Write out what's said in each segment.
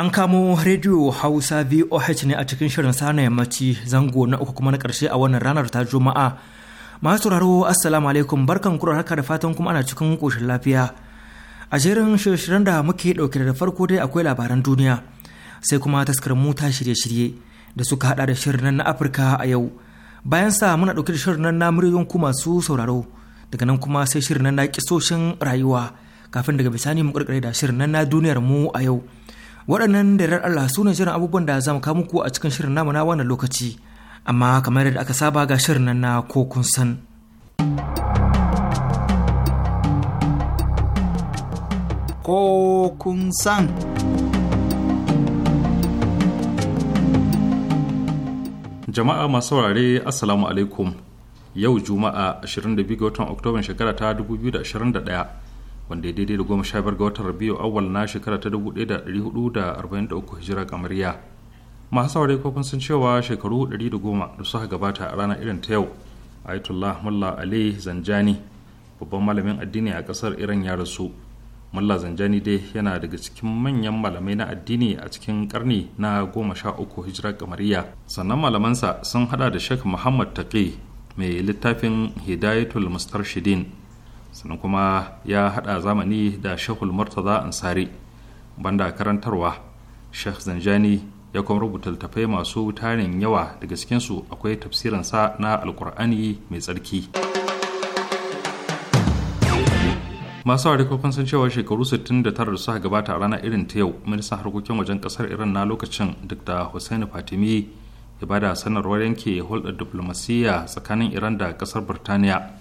An kamo rediyo Hausa VOH ne a cikin shirin sana yammaci zango na uku kuma na ƙarshe a wannan ranar ta Juma'a. Masu sauraro Assalamu alaikum barkan kura haka da fatan kuma ana cikin ƙoshin lafiya. A jerin shirye da muke ɗauke da farko dai akwai labaran duniya sai kuma taskar mota shirye-shirye da suka hada da shirin na Afirka a yau. Bayan sa muna ɗauke da shirin na muryoyin kuma masu sauraro daga nan kuma sai shirin na kisoshin rayuwa kafin daga bisani mu ƙirƙire da shirin na duniyar mu a yau. waɗannan da rar Allah su ne shirin abubuwan da za mu kawo muku a cikin shirin namu na wannan lokaci amma kamar yadda aka saba ga shirin nan na ko kun san ko kun san jama'a masu saurare assalamu alaikum yau juma'a 22 ga watan Oktoba shekara ta 2021 wanda ya daidai da goma sha biyar ga watan rabiu awal na shekara ta dubu ɗaya da ɗari hudu da arba'in da uku hijira kamariya masu saurari kofin sun cewa shekaru ɗari da goma da suka gabata a ranar irin ta yau ayatollah mullah ali zanjani babban malamin addini a ƙasar iran ya rasu Mulla zanjani dai yana daga cikin manyan malamai na addini a cikin karni na goma sha uku hijira kamariya sannan malamansa sun hada da sheikh muhammad taqi mai littafin hidayatul mustarshidin sannan kuma ya hada zamani da shekul murtaza ansari banda karantarwa shekh zanjani ya kuma rubuta littattafai masu tarin yawa daga cikinsu akwai tafsirinsa na alkur'ani mai tsarki masu harkokin sun cewa shekaru 69 da suka gabata a rana irin ta yau ministan harkokin wajen kasar iran na lokacin duk da hussein fatimi ya bada sanarwar yanke hulɗar diplomasiyya tsakanin iran da kasar birtaniya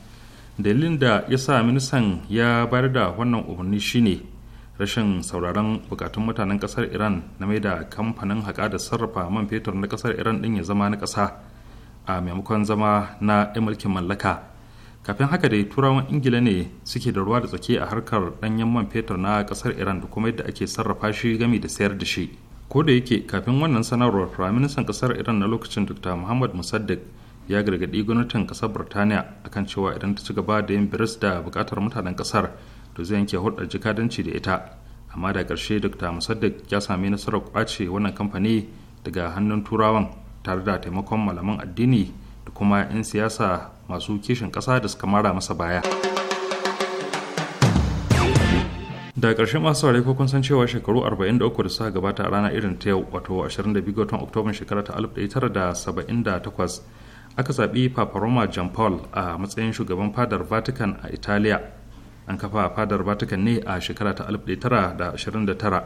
dalilin da ya sa ministan ya bayar da wannan umarni shine rashin sauraron bukatun mutanen kasar iran na mai da kamfanin haƙa da sarrafa man fetur na kasar iran din ya zama na kasa a maimakon zama na 'yan mulkin mallaka kafin haka dai turawan ingila ne suke da ruwa da tsaki a harkar ɗanyen man fetur na kasar iran da kuma yadda ake sarrafa shi gami da sayar da shi ko da yake kafin wannan sanarwar firaministan kasar iran na lokacin dr muhammad musaddiq ya gargaɗi gwamnatin ƙasar birtaniya akan cewa idan ta ci gaba da yin biris da buƙatar mutanen ƙasar to zai yanke hulɗar jikadanci da ita amma da ƙarshe dr musaddiq ya sami nasarar ƙwace wannan kamfani daga hannun turawan tare da taimakon malaman addini da kuma 'yan siyasa masu kishin ƙasa da suka mara masa baya. da ƙarshe masu saurari ko kun san cewa shekaru 43 da suka gabata a rana irin ta yau wato 22 ga watan oktoba shekara ta 1978 aka zaɓi papa roma John paul a matsayin shugaban fadar vatican a italiya an kafa fadar vatican ne a shekara ta 1929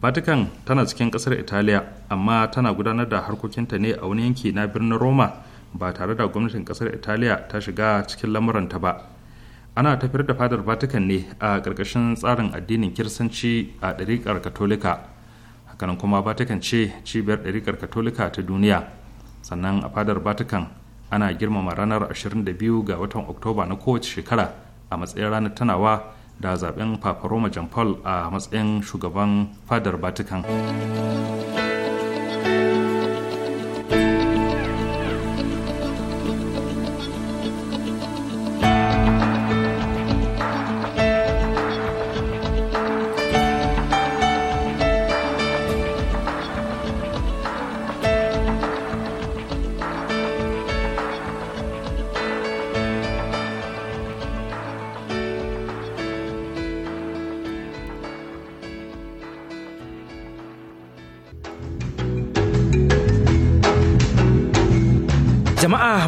vatican tana cikin ƙasar italiya amma tana gudanar da harkokinta ne a wani yanki na birnin roma ba tare da gwamnatin ƙasar italiya ta shiga cikin lamuranta ba ana tafiyar da fadar vatican ne a ƙarƙashin tsarin addinin kirsanci a ɗariƙar katolika hakanan kuma vatican ce cibiyar ɗariƙar katolika ta duniya sannan a fadar vatican ana girmama ranar 22 ga watan oktoba na kowace shekara a matsayin ranar tanawa da zaben papa jean paul a matsayin shugaban fadar vatican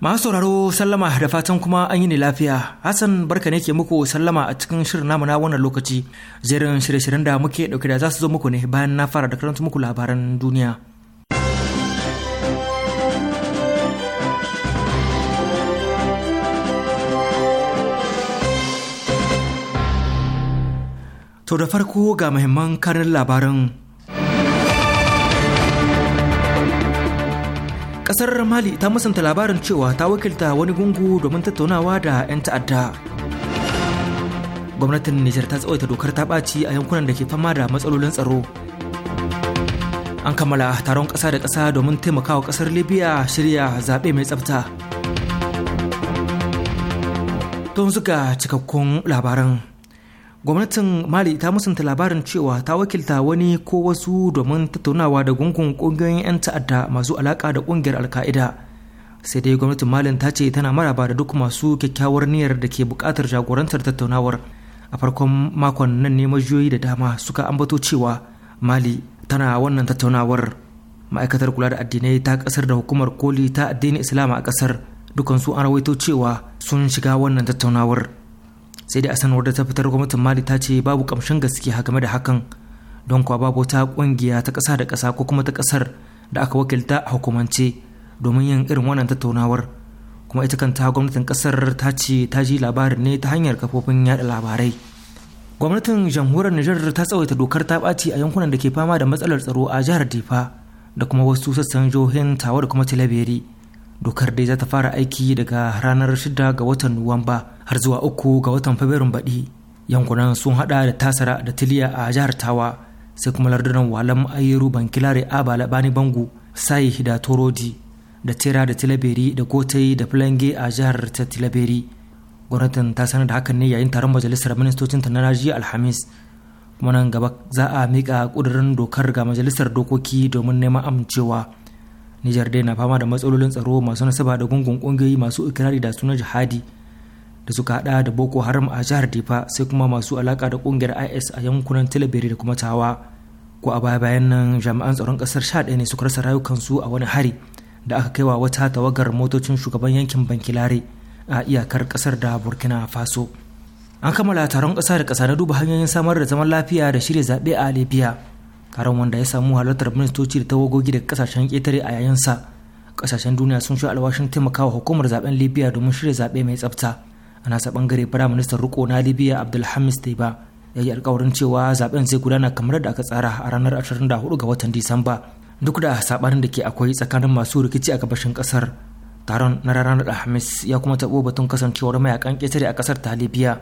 Masu sauraro sallama da fatan kuma an yi ne lafiya. Hassan barka ne ke muku sallama a cikin shirin namu na wannan lokaci. Jerin shirye-shiryen da muke dauke da za su zo muku ne bayan na fara da karanta muku labaran duniya. To da farko ga muhimman karin labaran kasar mali ta musanta labarin cewa ta wakilta wani gungu domin tattaunawa da 'yan ta'adda gwamnatin nijar ta tsawaita dokar ta ɓaci a yankunan da ke fama da matsalolin tsaro an kammala taron ƙasa da ƙasa domin taimakawa ƙasar libya shirya zaɓe mai tsafta Tun zuga cikakkun labaran gwamnatin mali ta musanta labarin cewa ta wakilta wani ko wasu domin tattaunawa da gungun ƙungiyoyin 'yan ta'adda masu alaka da ƙungiyar alka'ida sai dai gwamnatin malin ta ce tana maraba da duk masu kyakkyawar niyyar da ke bukatar jagorantar tattaunawar a farkon makon nan ne majiyoyi da dama suka ambato cewa mali tana wannan tattaunawar ma'aikatar kula da addinai ta kasar da hukumar koli ta addinin islam a kasar dukansu an rawaito cewa sun shiga wannan tattaunawar sai dai a sanarwar da ta fitar gwamnatin mali ta ce babu kamshin gaskiya game da hakan don kuwa babu wata kungiya ta kasa da kasa ko kuma ta kasar da aka wakilta a hukumance domin yin irin wannan tattaunawar kuma ita kanta gwamnatin kasar ta ce ta ji labarin ne ta hanyar kafofin yada labarai gwamnatin jamhuriyar nijar ta tsawaita dokar ta ɓaci a yankunan da ke fama da matsalar tsaro a jihar difa da kuma wasu sassan jihohin tawa da kuma tilaberi dokar dai za ta fara aiki daga ranar 6 ga watan nuwamba har zuwa 3 ga watan fabrairun baɗi yankunan sun hada da tasara da tiliya a jihar tawa sai kuma lardunan walam ayeru bankilare abala bani bangu sai da torodi da tera da tilaberi da gotai da filange a jihar ta tilaberi gwamnatin ta sanar da hakan ne yayin taron majalisar ministocin ta na rajiya alhamis kuma nan gaba za a mika ƙudurin dokar ga majalisar dokoki domin neman amincewa Nijar dai na fama da matsalolin tsaro masu nasaba da gungun kungiyoyi masu ikirari da sunan jihadi da suka hada da Boko Haram a jihar Difa sai kuma masu alaka da kungiyar IS a yankunan Tilaberi da kuma Tawa. Ko a baya bayan nan jami'an tsaron kasar sha ɗaya ne suka rasa rayukansu a wani hari da aka kaiwa wata tawagar motocin shugaban yankin Bankilare a iyakar kasar da Burkina Faso. An kammala taron ƙasa da kasa na duba hanyoyin samar da zaman lafiya da shirya zaɓe a Libya. taron wanda ya samu halartar ministoci da tawagogi daga kasashen ƙetare a yayin sa kasashen duniya sun sha alwashin taimakawa hukumar zaben libya domin shirya zaɓe mai tsafta a nasa bangare firaministan riko na libya abdulhamis taiba ya yi alkawarin cewa zaben zai gudana kamar da aka tsara a ranar 24 ga watan disamba duk da sabanin da ke akwai tsakanin masu rikici a gabashin kasar taron na ranar alhamis ya kuma tabo batun kasancewar mayakan ƙetare a kasar ta libya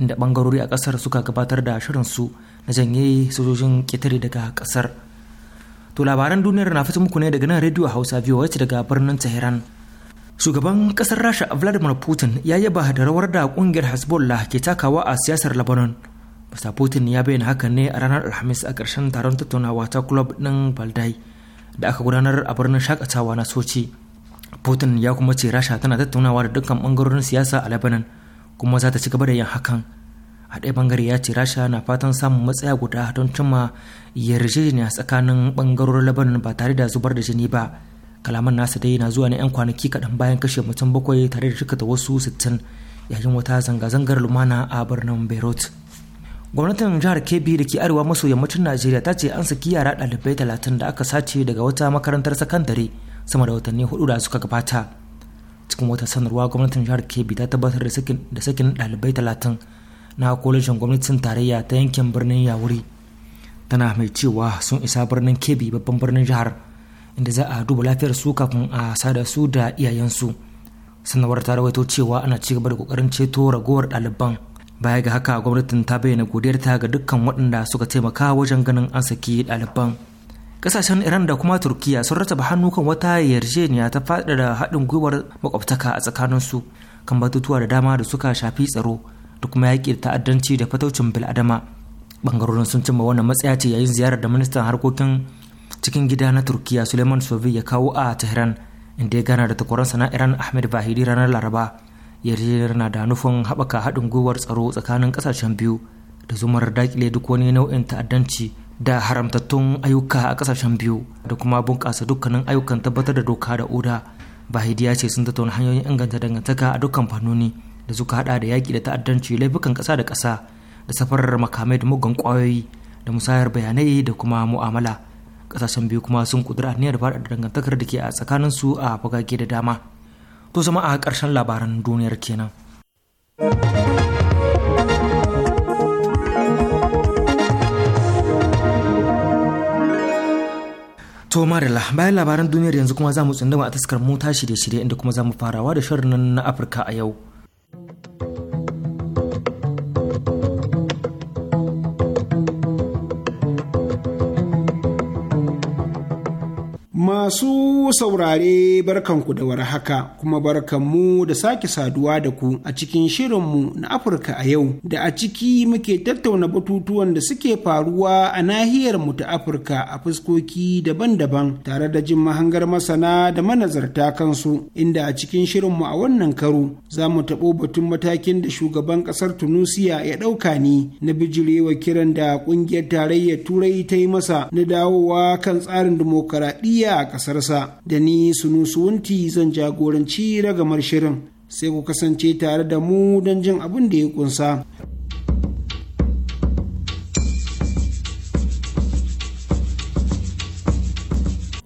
inda bangarori a kasar suka gabatar da shirin su na janye sojojin ƙetare daga kasar. to labaran duniyar na fito muku ne daga nan rediyo hausa voa daga birnin tehran shugaban kasar rasha vladimir putin ya yaba da rawar da ƙungiyar hezbollah ke takawa a siyasar lebanon mr putin ya bayyana hakan ne a ranar alhamis a ƙarshen taron tattaunawa ta club ɗin baldai da aka gudanar a birnin shakatawa na sochi putin ya kuma ce rasha tana tattaunawa da dukkan ɓangarorin siyasa a lebanon kuma za ta ci gaba da yin hakan a ɗaya bangare ya ce rasha na fatan samun matsaya guda don cimma yarjejeniya tsakanin bangarorin labanin ba tare da zubar da jini ba kalaman nasa dai na zuwa ne 'yan kwanaki kaɗan bayan kashe mutum bakwai tare da jikata wasu sittin yayin wata zanga-zangar lumana a birnin beirut gwamnatin jihar kebbi da ke arewa maso yammacin najeriya ta ce an saki yara ɗalibai talatin da aka sace daga wata makarantar sakandare sama da watanni hudu da suka gabata cikin wata sanarwa gwamnatin jihar kebbi ta tabbatar da sakin ɗalibai talatin na kwalejin gwamnatin tarayya ta yankin birnin yawuri tana mai cewa sun isa birnin kebi babban birnin jihar inda za a duba lafiyar su kafin a sada su da iyayensu sanarwar ta rawaito cewa ana ci gaba da kokarin ceto ragowar ɗaliban baya ga haka gwamnatin ta bayyana godiyarta ga dukkan waɗanda suka taimaka wajen ganin an saki ɗaliban kasashen iran da kuma turkiya sun rataba hannu kan wata yarjejeniya ta faɗaɗa haɗin gwiwar makwabtaka a tsakaninsu kan batutuwa da dama da suka shafi tsaro da kuma da ta'addanci da fataucin bil'adama bangarorin sun cimma wannan matsaya ce yayin ziyarar da ministan harkokin cikin gida na turkiya suleiman sovi ya kawo a tehran inda ya gana da takwaransa sana iran ahmed bahiri ranar laraba yarjejeniyar na da nufin haɓaka haɗin gwiwar tsaro tsakanin ƙasashen biyu da zumar dakile duk wani nau'in ta'addanci da haramtattun ayyuka a ƙasashen biyu da kuma bunƙasa dukkanin ayyukan tabbatar da doka da oda bahidi ya ce sun tattauna hanyoyin inganta dangantaka a dukkan fannoni da suka hada da yaƙi da ta'addanci laifukan ƙasa da ƙasa da safarar makamai da mugan ƙwayoyi da musayar bayanai da kuma mu'amala ƙasashen biyu kuma sun kudura aniyar niyyar da dangantakar da ke a tsakanin su a fagage da dama to zama a ƙarshen labaran duniyar kenan To Marila, bayan labaran duniyar yanzu kuma za mu tsindama a taskar mu tashi da shirye inda kuma za mu farawa da shirin na Afirka a yau. Masu saurare barkanku da warhaka kuma barkanmu da sake saduwa da ku a cikin shirinmu na Afirka a yau da a ciki muke tattauna batutuwan da suke faruwa a nahiyar mu ta Afirka a fuskoki daban-daban tare da jin mahangar masana da manazarta kansu inda a cikin shirinmu a wannan karo za mu taɓo batun matakin da shugaban ƙasar Tunusiya ya ɗauka ni. na bijirewa kiran da ƙungiyar tarayyar Turai ta yi masa na dawowa kan tsarin dimokuraɗiyya a ƙasarsa da ni sunusuwunti zan jagoranci ragamar shirin sai ku kasance tare da mu don jin abin da ya kunsa.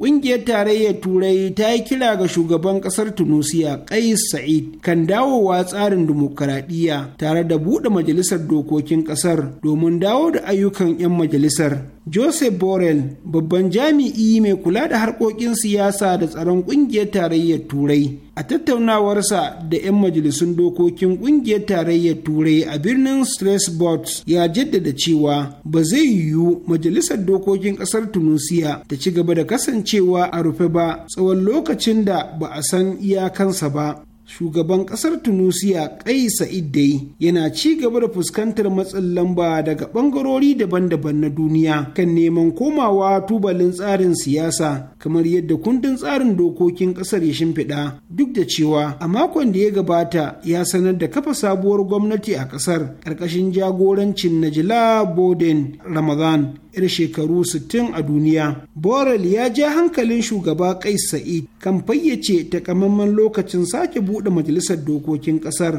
Ƙungiyar Tarayyar Turai ta yi kira ga shugaban ƙasar Tunusiya Kais Sa'id kan dawowa tsarin dimokuraɗiyya tare da buɗe majalisar dokokin ƙasar domin dawo da ayyukan 'yan majalisar. joseph borrell babban jami'i mai kula da harkokin siyasa da tsaron kungiyar tarayyar turai a tattaunawarsa da 'yan majalisun dokokin kungiyar tarayyar turai a birnin strasbourg ya jaddada cewa ba zai yiwu majalisar dokokin kasar tunisia ta ci gaba da kasancewa a rufe ba tsawon lokacin da ba a san iyakansa ba shugaban ƙasar tunisia kai sa'id yana ci gaba da fuskantar matsin lamba daga ɓangarori daban-daban na duniya kan neman komawa tubalin tsarin siyasa kamar yadda kundin tsarin dokokin ƙasar ya shimfiɗa duk da cewa a makon da ya gabata ya sanar da kafa sabuwar gwamnati a ƙasar, ƙarƙashin jagorancin najila boden ramadan 'yar shekaru 60 a duniya. Borel ya ja hankalin shugaba Kais Sa'id kan fayyace takamaiman lokacin sake buɗe majalisar dokokin ƙasar.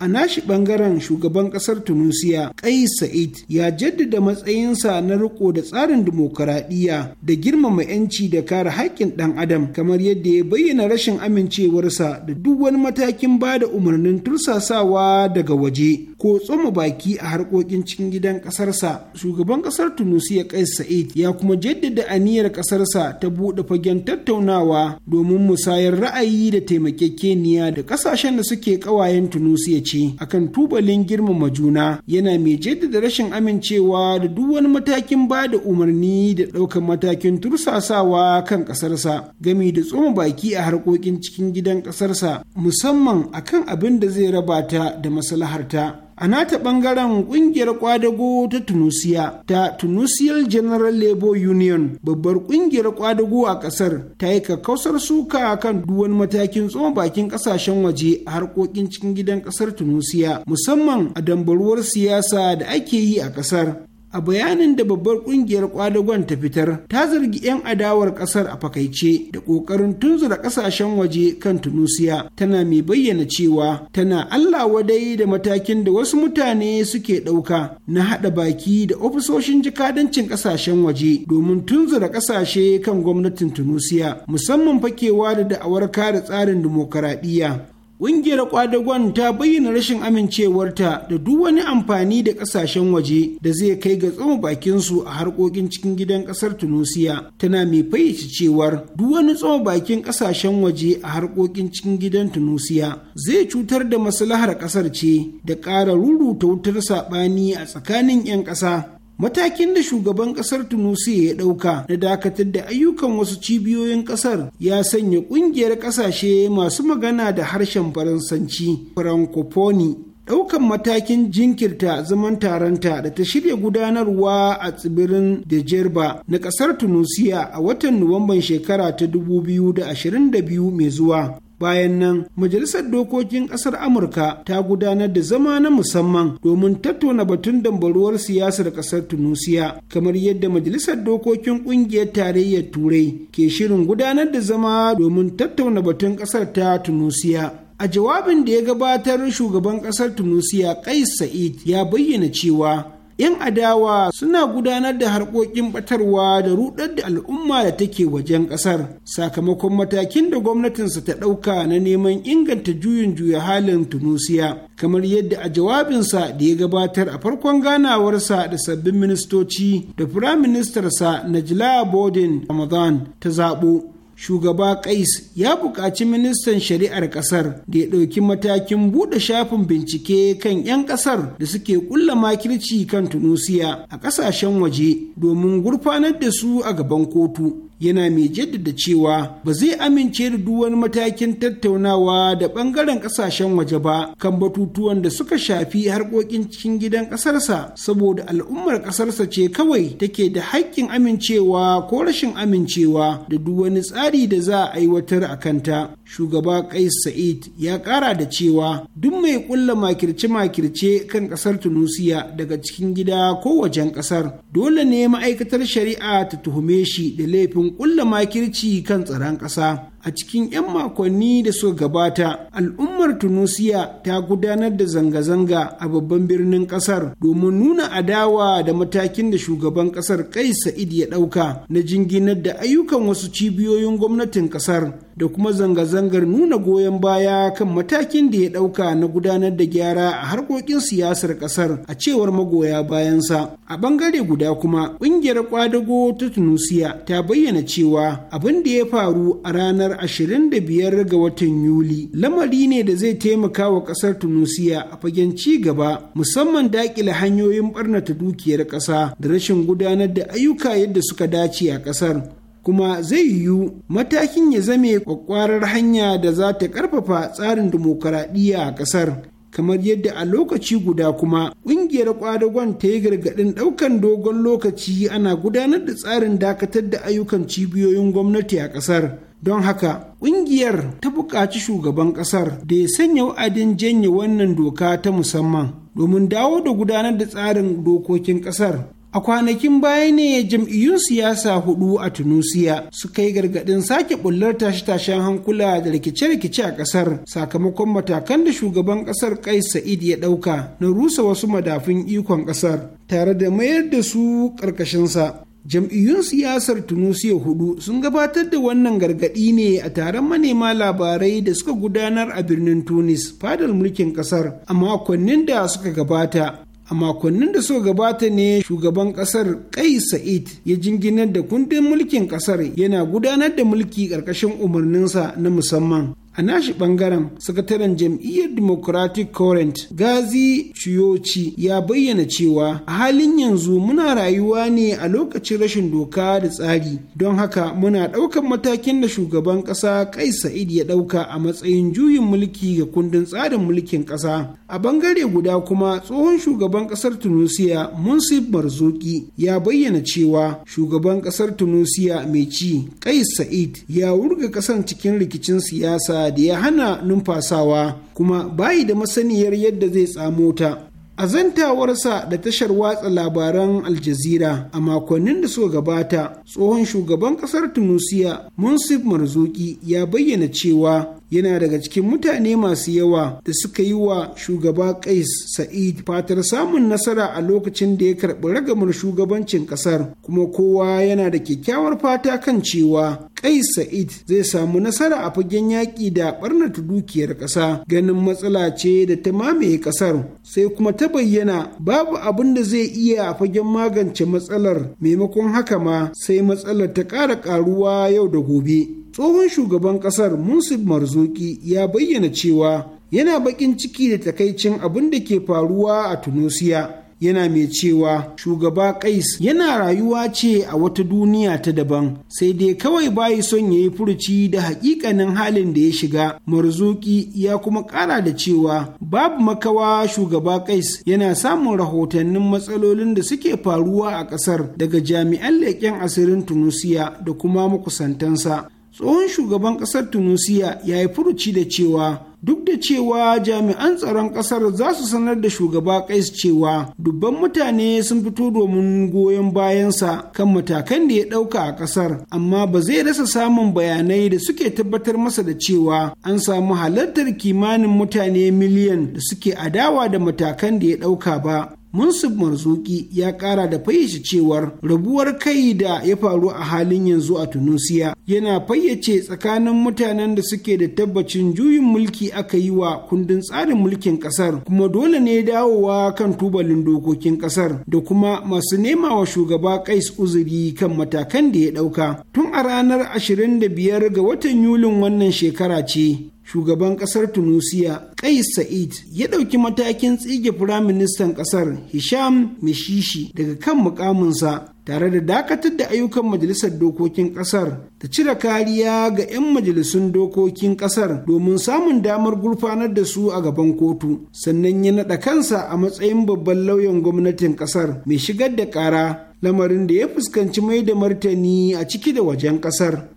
A nashi ɓangaren shugaban ƙasar Tunusiya, Kais Sa'id ya jaddada matsayinsa na riko da tsarin dimokuraɗiyya da girmama 'yanci da kare haƙƙin ɗan adam kamar yadda ya bayyana rashin amincewarsa da duk wani matakin ba da umarnin tursasawa daga waje ko tsoma baki a harkokin cikin gidan ƙasarsa. Shugaban ƙasar Tunusiya Kais Sa'id ya kuma jaddada aniyar ƙasarsa ta buɗe fagen tattaunawa domin musayar ra'ayi da taimakekeniya da ƙasashen da suke ƙawayen Tunusiya aminci akan tubalin girmama juna yana mai jaddada rashin amincewa da duk wani matakin ba da umarni da ɗaukar matakin tursasawa kan ƙasarsa gami da tsoma baki a harkokin cikin gidan ƙasarsa musamman akan abin da zai raba ta da maslaharta a nata bangaren kungiyar kwadago ta tunisia ta tunisial general labor union babbar kungiyar kwadago a kasar ta yi kakkausar suka kan duwan matakin tsoma bakin kasashen waje a harkokin cikin gidan kasar tunisia musamman a dambaruwar siyasa da ake yi a kasar a bayanin da babbar kungiyar kwadagon ta fitar ta zargi 'yan adawar kasar a fakaice da kokarin tunzura kasashen waje kan tunusiya tana mai bayyana cewa tana allah wadai da matakin da wasu mutane suke ɗauka na haɗa baki da ofisoshin jikadancin kasashen waje domin tunzura kasashe kan gwamnatin tunusiya musamman fakewa da da'awar kare tsarin dimokuraɗiyya Ƙungiyar kwadagon ta bayyana rashin amincewarta da duk wani amfani da ƙasashen waje da zai kai ga tsoma bakinsu a harkokin cikin gidan ƙasar Tunisia Tana mai fayyace cewar duk wani tsoma bakin ƙasashen waje a harkokin cikin gidan Tunisia zai cutar da maslahar ƙasar ce da ƙara ruruta wutar saɓani a tsakanin 'yan ƙasa. matakin da shugaban kasar tunisia ya dauka na dakatar da ayyukan wasu cibiyoyin kasar ya sanya kungiyar kasashe masu magana da harshen faransanci francophone daukan matakin jinkirta zaman taronta da ta shirya gudanarwa a tsibirin Dejerba na kasar Tunisia a watan Nuwamban shekara ta 2022 mai zuwa bayan nan majalisar dokokin kasar amurka ta gudanar da zama na musamman domin tattauna batun dambaruwar siyasar kasar tunusiya kamar yadda majalisar dokokin kungiyar tarayyar turai ke shirin gudanar da zama domin tattauna batun kasar ta tunusiya a jawabin da ya gabatar shugaban kasar tunusiya kais sa'id ya bayyana cewa 'yan adawa suna gudanar da harkokin batarwa da rudar da al'umma da take wajen kasar sakamakon matakin da gwamnatinsa ta ɗauka na neman inganta juyin juya halin tunusiya kamar yadda a jawabinsa da ya gabatar a farkon ganawarsa da sabbin ministoci da firaministarsa najla bodin ramadan ta zaɓo shugaba Kais ya buƙaci ministan shari'ar ƙasar da ya ɗauki matakin buɗe shafin bincike kan 'yan ƙasar da suke ƙulla makirci kan Tunusiya a ƙasashen waje domin gurfanar da su a gaban kotu. yana mai jaddada cewa ba zai amince da duk wani matakin tattaunawa da bangaren kasashen waje ba kan batutuwan da suka shafi harkokin cikin gidan kasarsa saboda al'ummar kasarsa ce kawai take da haƙƙin amincewa ko rashin amincewa da duk wani tsari da za a aiwatar a kanta shugaba kais sa'id ya ƙara da cewa duk mai ƙulla makirce-makirce kan ƙasar tunusiya daga cikin gida ko wajen ƙasar dole ne ma'aikatar shari'a ta tuhume shi da laifin nufin ƙulla makirci kan tsaron ƙasa a cikin 'yan makonni da suka gabata al'ummar tunisia ta gudanar da zanga-zanga a babban birnin kasar domin nuna adawa da matakin da shugaban kasar kai sa'id ya ɗauka na jinginar da ayyukan wasu cibiyoyin gwamnatin kasar da kuma zanga-zangar nuna goyon baya kan matakin da ya ɗauka na gudanar da gyara a harkokin siyasar kasar a cewar magoya bayansa a bangare guda kuma ƙungiyar kwadago ta tunisia ta bayyana cewa abin da ya faru a ranar ranar 25 ga watan Yuli. Lamari ne da zai taimaka wa ƙasar Tunusiya a fagen ci gaba musamman daƙile hanyoyin ɓarnata dukiyar ƙasa da rashin gudanar da ayyuka yadda suka dace a ƙasar. kuma zai yiwu matakin ya zame kwakwarar hanya da za ta karfafa tsarin dimokuraɗiyya a ƙasar kamar yadda a lokaci guda kuma ƙungiyar kwadagon ta yi gargaɗin ɗaukan dogon lokaci ana gudanar da tsarin dakatar da ayyukan cibiyoyin gwamnati a ƙasar don haka ƙungiyar ta buƙaci shugaban ƙasar da ya sanya wa'adin janye wannan doka ta musamman domin dawo da gudanar da tsarin dokokin ƙasar a kwanakin baya ne jam'iyyun siyasa hudu a tunusiya Su kai gargadin sake bullar tashe-tashen hankula da rikice-rikice a kasar sakamakon matakan da shugaban kasar ƙai sa'id ya dauka na rusa wasu madafin ikon kasar tare da mayar da su karkashinsa. jam'iyyun siyasar tunisia hudu sun gabatar da wannan gargaɗi ne a taron manema labarai da suka gudanar a birnin tunis fadar mulkin ƙasar a makonnin da suka gabata a makonnin da suka gabata ne shugaban kasar kai sa'id ya jinginar da kundin mulkin kasar yana gudanar da mulki ƙarƙashin umarninsa na musamman a nashi bangaren sakataren jam'iyyar democratic current gazi ciyoci ya bayyana cewa a halin yanzu muna rayuwa ne a lokacin rashin doka da tsari don haka muna ɗaukan matakin da shugaban ƙasa kai sa'id ya ɗauka a matsayin juyin mulki ga kundin tsarin mulkin ƙasa a bangare guda kuma tsohon shugaban ƙasar tunisia munsif marzuki ya bayyana cewa shugaban ƙasar tunisia mai ci kai sa'id ya wurga ƙasan cikin rikicin siyasa da ya hana numfasawa kuma bayi da masaniyar yadda zai tsamo ta. A zantawarsa da tashar watsa labaran Aljazira a makonnin da suka gabata, tsohon shugaban kasar Tunusiya, Munsif Marzuki ya bayyana cewa yana daga cikin mutane masu yawa da suka yi wa shugaba Kais Sa'id fatar samun nasara a lokacin da ya karɓi ragamar shugabancin ƙasar kuma kowa yana da kyakkyawar fata kan cewa Kais Sa'id zai samu nasara a fagen yaƙi da ɓarnata dukiyar ƙasa ganin matsala ce da ta mamaye ƙasar sai kuma ta bayyana babu abin da zai iya a fagen magance matsalar maimakon haka ma sai matsalar ta ƙara ƙaruwa yau da gobe. tsohon shugaban kasar munsif marzuki ya bayyana cewa yana bakin ciki da takaicin abin da ke faruwa a tunusiya yana mai cewa shugaba kais yana rayuwa ce a wata duniya ta daban sai dai kawai bayi son ya yi furuci da hakikanin halin da ya shiga marzuki ya kuma ƙara da cewa babu makawa shugaba kais yana samun rahotannin matsalolin da suke faruwa a ƙasar daga jami'an leƙen asirin tunusiya da kuma makusantansa tsohon shugaban ƙasar tunisia ya yi furuci da cewa duk da cewa jami'an tsaron kasar za su sanar da shugaba kais cewa dubban mutane sun fito domin goyon bayansa kan matakan da ya ɗauka a kasar amma ba zai rasa samun bayanai da suke tabbatar masa da cewa an samu halartar kimanin mutane miliyan da suke adawa da matakan da ya ɗauka ba Munsub Marzuki ya ƙara da fayyace cewar rabuwar kai da ya faru a halin yanzu a Tunusiya yana fayyace tsakanin mutanen da suke da tabbacin juyin mulki aka yi wa kundin tsarin mulkin ƙasar, kuma dole ne dawowa kan tubalin dokokin ƙasar, da kuma masu nema wa shugaba Kais uzuri kan matakan da ya ɗauka. tun a ranar 25 ga watan Yulin wannan shekara ce shugaban kasar tunisia kais sa'id ya ɗauki matakin tsige firaministan ƙasar hisham mishishi daga kan mukaminsa tare da dakatar da ayyukan majalisar dokokin ƙasar ta cire kariya ga 'yan majalisun dokokin ƙasar domin samun damar gurfanar da su a gaban kotu sannan ya naɗa kansa a matsayin babban lauyan gwamnatin ƙasar mai shigar da ƙara lamarin da ya fuskanci mai da martani a ciki da wajen ƙasar.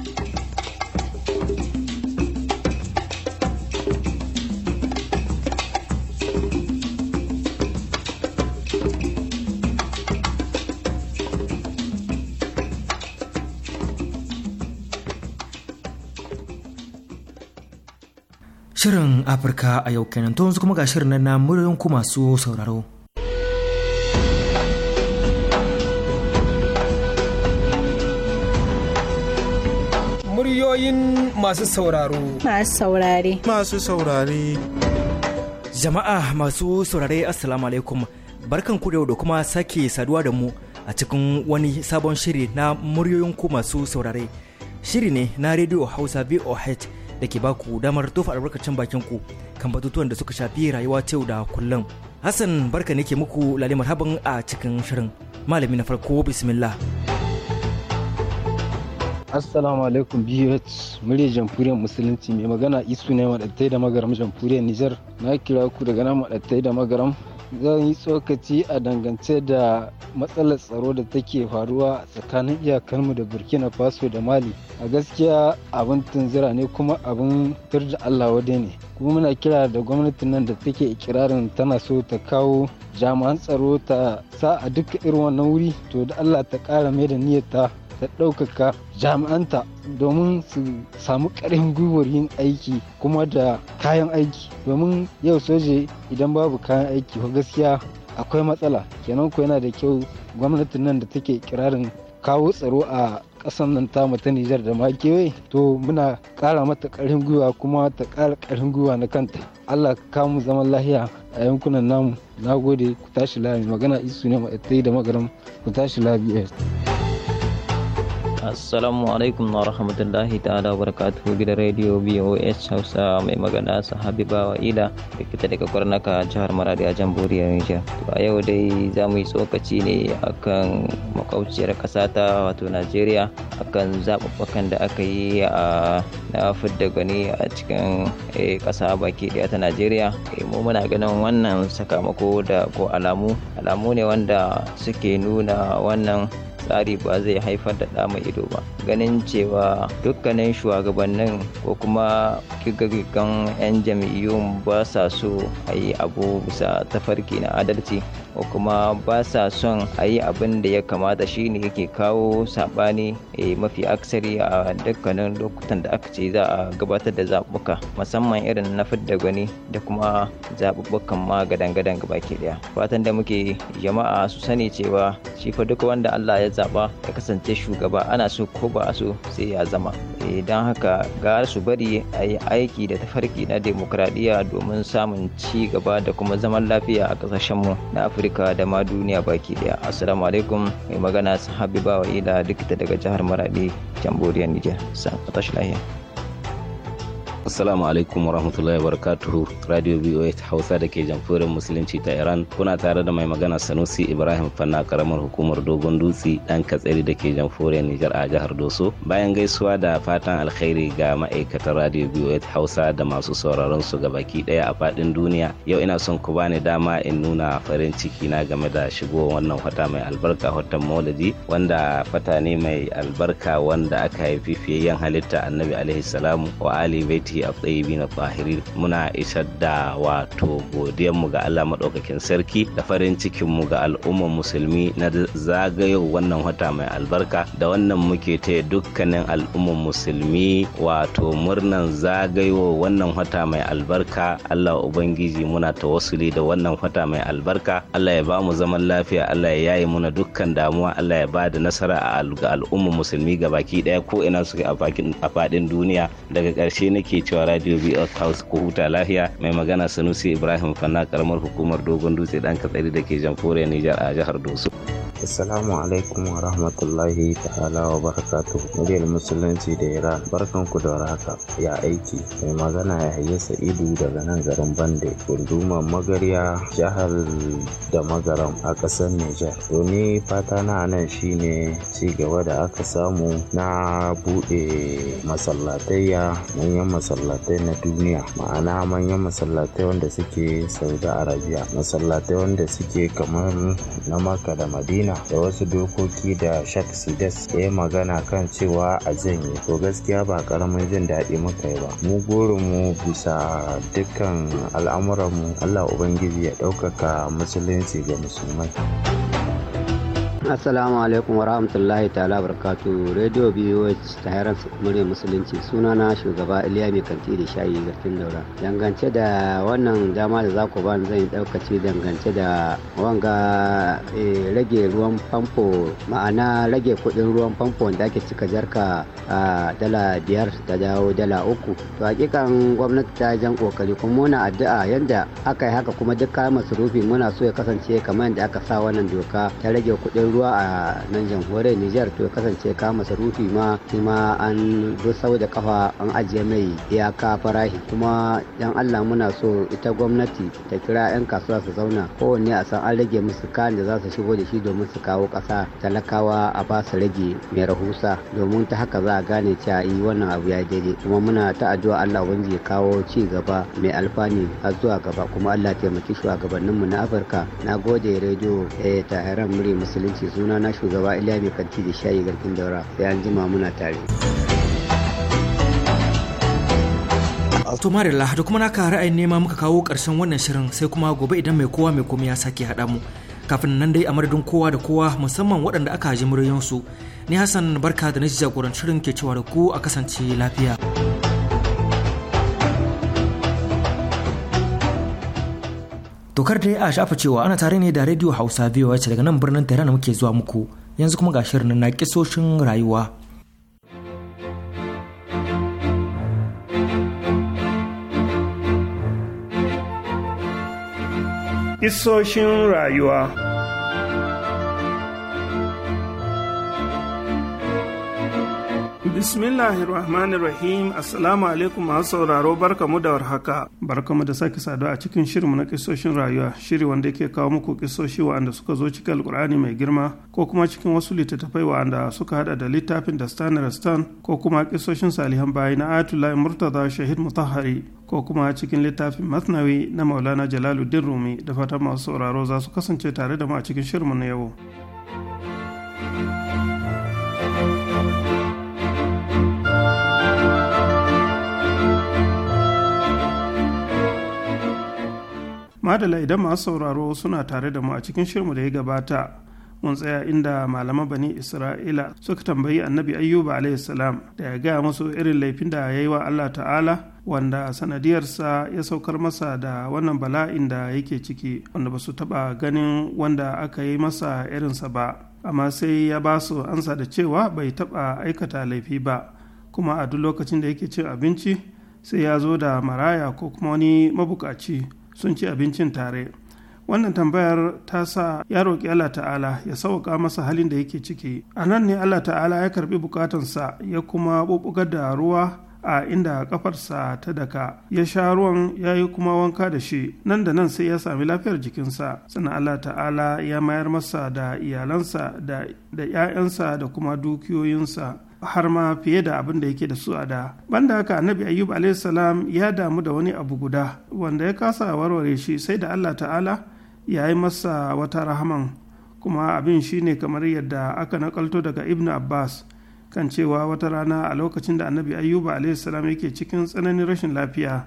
Shirin Afirka a yau kenan to yanzu kuma ga shirin na muryoyin ku masu sauraro. Muryoyin masu sauraro. Masu saurare. Masu saurare. Jama'a masu saurare Assalamu alaikum. Barkan ku da kuma sake saduwa da mu a cikin wani sabon shiri na muryoyin ku masu saurare. Shiri ne na Radio Hausa VOH da ke baku damar tofa albarkacin bakin ku kan batutuwan da suka shafi rayuwa ta yau da kullum. Hassan barka ne ke muku lalimar marhaban a cikin shirin. Malami na farko bismillah. assalamu alaikum bh murya jamhuriyar musulunci mai magana isu ne maɗattai da magaram jamhuriyar nijar na kira ku daga nan maɗattai da magaram zan yi tsokaci a dangance da matsalar tsaro da take faruwa tsakanin iyakarmu da burkina faso da mali a gaskiya abin tunzira ne kuma abin da allah wade ne kuma muna kira da gwamnatin nan da take ikirarin tana so ta kawo jami'an tsaro ta sa a duka irin wannan wuri to da allah ta kara mai da niyyar ta ɗaukaka jami'anta domin su samu ƙarin gwiwar yin aiki kuma da kayan aiki domin yau soje idan babu kayan aiki ko gaskiya akwai matsala kenan ko yana da kyau gwamnatin nan da take kirarin kawo tsaro a ƙasar nan tamu ta Nijar da ma to muna ƙara mata ƙarin gwiwa kuma ta ƙara ƙarin gwiwa na kanta Allah ka mu zaman lahiya a yankunan namu na gode ku tashi lafiya magana isu ne ma'aikatai da magaram ku tashi lafiya Assalamu alaikum wa rahmatullahi ta'ala barakatuhu gidan rediyo BOS Hausa mai magana su Habiba Ila da kita daga Kwarnaka jihar Maradi a Jamhuriyar Nijar. To a yau dai za mu yi tsokaci ne akan makauciyar ƙasa ta wato Najeriya akan zaɓuɓɓukan da aka yi a na fidda gani a cikin eh, ƙasa baki ɗaya ta Najeriya. Eh, mu muna ganin wannan sakamako da ko alamu alamu ne wanda suke nuna wannan tsari ba zai haifar da ɗa mai ido ba ganin cewa dukkanin shugabannin ko kuma kigaggan 'yan jam'iyyun ba sa so a yi abu bisa tafarki na adalci ko kuma ba sa son a yi abin da ya kamata shi ne yake kawo saɓani eh, mafi aksari a dukkanin lokutan da aka ce za a gabatar da zaɓuɓɓuka musamman irin na fidda gwani da kuma zaɓuɓɓukan ma gadan-gadan gabaki ɗaya fatan da muke jama'a su sani cewa shi fa duk wanda Allah ya zaɓa ya kasance shugaba ana so ko ba a so sai ya zama eh, don haka gara su bari a yi aiki da tafarki na demokradiyya domin samun ci gaba da kuma zaman lafiya a ƙasashenmu na afirka Afrika dan ma dunia baki dia. Assalamualaikum. Ini magana sahabibah wa ila dikita daga jahar maradi jamburian ni je. Sang atas lahir. Ya. Assalamu alaikum warahmatullahi wabarakatuhu Radio BOA Hausa da ke jamfurin Musulunci ta Iran kuna tare da mai magana Sanusi Ibrahim Fanna karamar hukumar Dogon Dutse dan Katsari da ke jamfurin Nijar a jihar Doso bayan gaisuwa da fatan alkhairi ga ma'aikatan Radio BOA Hausa da masu sauraron su gabaki daya a fadin duniya yau ina son ku bani dama in nuna farin ciki na game da shigo wannan wata mai albarka hotan Maulidi wanda fata ne mai albarka wanda aka haifi fiye fiyayyen halitta Annabi alaihi salamu wa ali baiti a tsaye tayyibin at muna isar da wato godiyar mu ga Allah madaukakin sarki da farin cikin mu ga al'ummar musulmi na zagayo wannan wata mai albarka da wannan muke taya dukkanin al'ummar musulmi wato murnan zagayo wannan wata mai albarka Allah ubangiji muna wasuli. da wannan wata mai albarka Allah ya ba mu zaman lafiya Allah ya yaye muna dukkan damuwa Allah ya ba da nasara a al'ummar musulmi gabaki daya ko ina suke a faɗin duniya daga ƙarshe nake cewa radio bl house ko huta lafiya mai magana sanusi ibrahim fanna karamar hukumar dogon dutse dan katsari da ke jamhuriyar nijar a jihar doso Assalamu alaikum wa rahmatullahi ta'ala wa barakatu muryar musulunci da Iran barkan ku da haka ya aiki mai magana ya hayya sa'idu daga nan garin bande gunduma magarya jihar da magaram a ƙasar Nijar doni fata na nan shine ci gaba da aka samu na buɗe masallatayya manyan masallatai masallatai na duniya ma'ana manyan masallatai wanda suke saudi arabia masallatai wanda suke kamar na maka da madina da wasu dokoki da shak sides ya magana kan cewa a janye to gaskiya ba karamin jin daɗi muka yi ba mu mu bisa dukkan al'amuranmu allah ubangiji ya ɗaukaka musulunci ga musulmai assalamu alaikum wa rahmatullahi ta'ala barkatu radio boh ta heran murya musulunci sunana shugaba iliya mai kanti da shayi garkin daura dangance da wannan dama da za ku ba zan yi daukaci dangance da wanga eh, rage ruwan famfo ma'ana rage kudin ruwan famfo da ake cika jarka a dala biyar ta dawo dala uku to hakikan gwamnati ta jan kokari kuma muna addu'a yadda aka yi haka kuma duk kayan masarufi muna so ya kasance kamar yadda aka sa wannan doka ta rage kudin ruwa a nan jamhuriyar Nijar to kasance ka masarufi ma shi ma an duk sau da kafa an ajiye mai iyaka farahi kuma yan Allah muna so ita gwamnati ta kira yan kasuwa su zauna kowanne a san an rage musu kayan da za su shigo da shi domin su kawo kasa talakawa a ba su rage mai rahusa domin ta haka za a gane cewa yi wannan abu ya daidai kuma muna ta addu'a Allah wanda ya kawo ci gaba mai alfani a zuwa gaba kuma Allah taimaki shugabanninmu na Afirka na gode rediyo eh, ta Haram Muri Musulunci ce suna na shugaba iliya mai kanti da shayi garkin daura sai an jima muna tare. to marilla da kuma naka ra'ayin nema muka kawo karshen wannan shirin sai kuma gobe idan mai kowa mai komai ya sake haɗa mu kafin nan dai a madadin kowa da kowa musamman waɗanda aka ji muryoyinsu ni hassan barka da na jagorancin shirin ke cewa da ku a kasance lafiya. tokar da ya a shafa cewa ana tare ne da rediyo hausa voa ce daga nan birnin tehran muke zuwa muku yanzu kuma ga shirin na kisoshin rayuwa isoshin rayuwa Bismillahirrahmanirrahim Assalamu alaikum masu sauraro barka mu da warhaka. barka mu da sake saduwa a cikin shirinmu na kisoshin rayuwa, shiri wanda yake kawo muku kisoshi wa'anda suka zo cikin alkur'ani mai girma ko kuma cikin wasu littattafai wa'anda suka hada da littafin da Stan Stan ko kuma kisoshin salihan bayi na Ayatollah Murtaza Shahid Mutahari ko kuma cikin littafin Masnawi na Maulana Jalaluddin Rumi da fatan masu sauraro za su kasance tare da mu a cikin shirinmu na yau. madala idan masu sauraro suna tare da mu a cikin shirmu da ya gabata mun tsaya inda malaman bani isra'ila suka tambayi annabi ayyuba salam da ya gaya musu irin laifin da ya yi wa allah ta'ala wanda sanadiyarsa ya saukar masa da wannan bala'in da yake ciki wanda ba su taɓa ganin wanda aka yi masa irinsa ba amma sai ya ba su ansa da cewa bai taɓa aikata laifi ba kuma a duk lokacin da yake cin abinci sai ya zo da maraya ko kuma wani mabukaci sun ci abincin tare wannan tambayar ta sa ya roƙi Allah ta'ala ya sauƙa masa halin da yake ciki a nan ne Allah ta'ala ya karɓi bukatansa ya kuma ɓuɓɓugar da ruwa a inda ƙafarsa ta daka ya sha ruwan ya yi kuma wanka da shi nan da nan sai ya sami lafiyar jikinsa sannan Allah ta'ala ya mayar masa da iyalansa da 'ya'yansa da kuma dukiyoyinsa har ma fiye da abin da yake da su a da banda haka annabi ayyub alaihissalam ya damu da wani abu guda wanda ya kasa warware shi sai da allah ta'ala ya yi masa wata rahaman kuma abin shine kamar yadda aka nakalto daga ibn abbas kan cewa wata rana a lokacin da annabi ayyub alaihissalam yake cikin tsananin rashin lafiya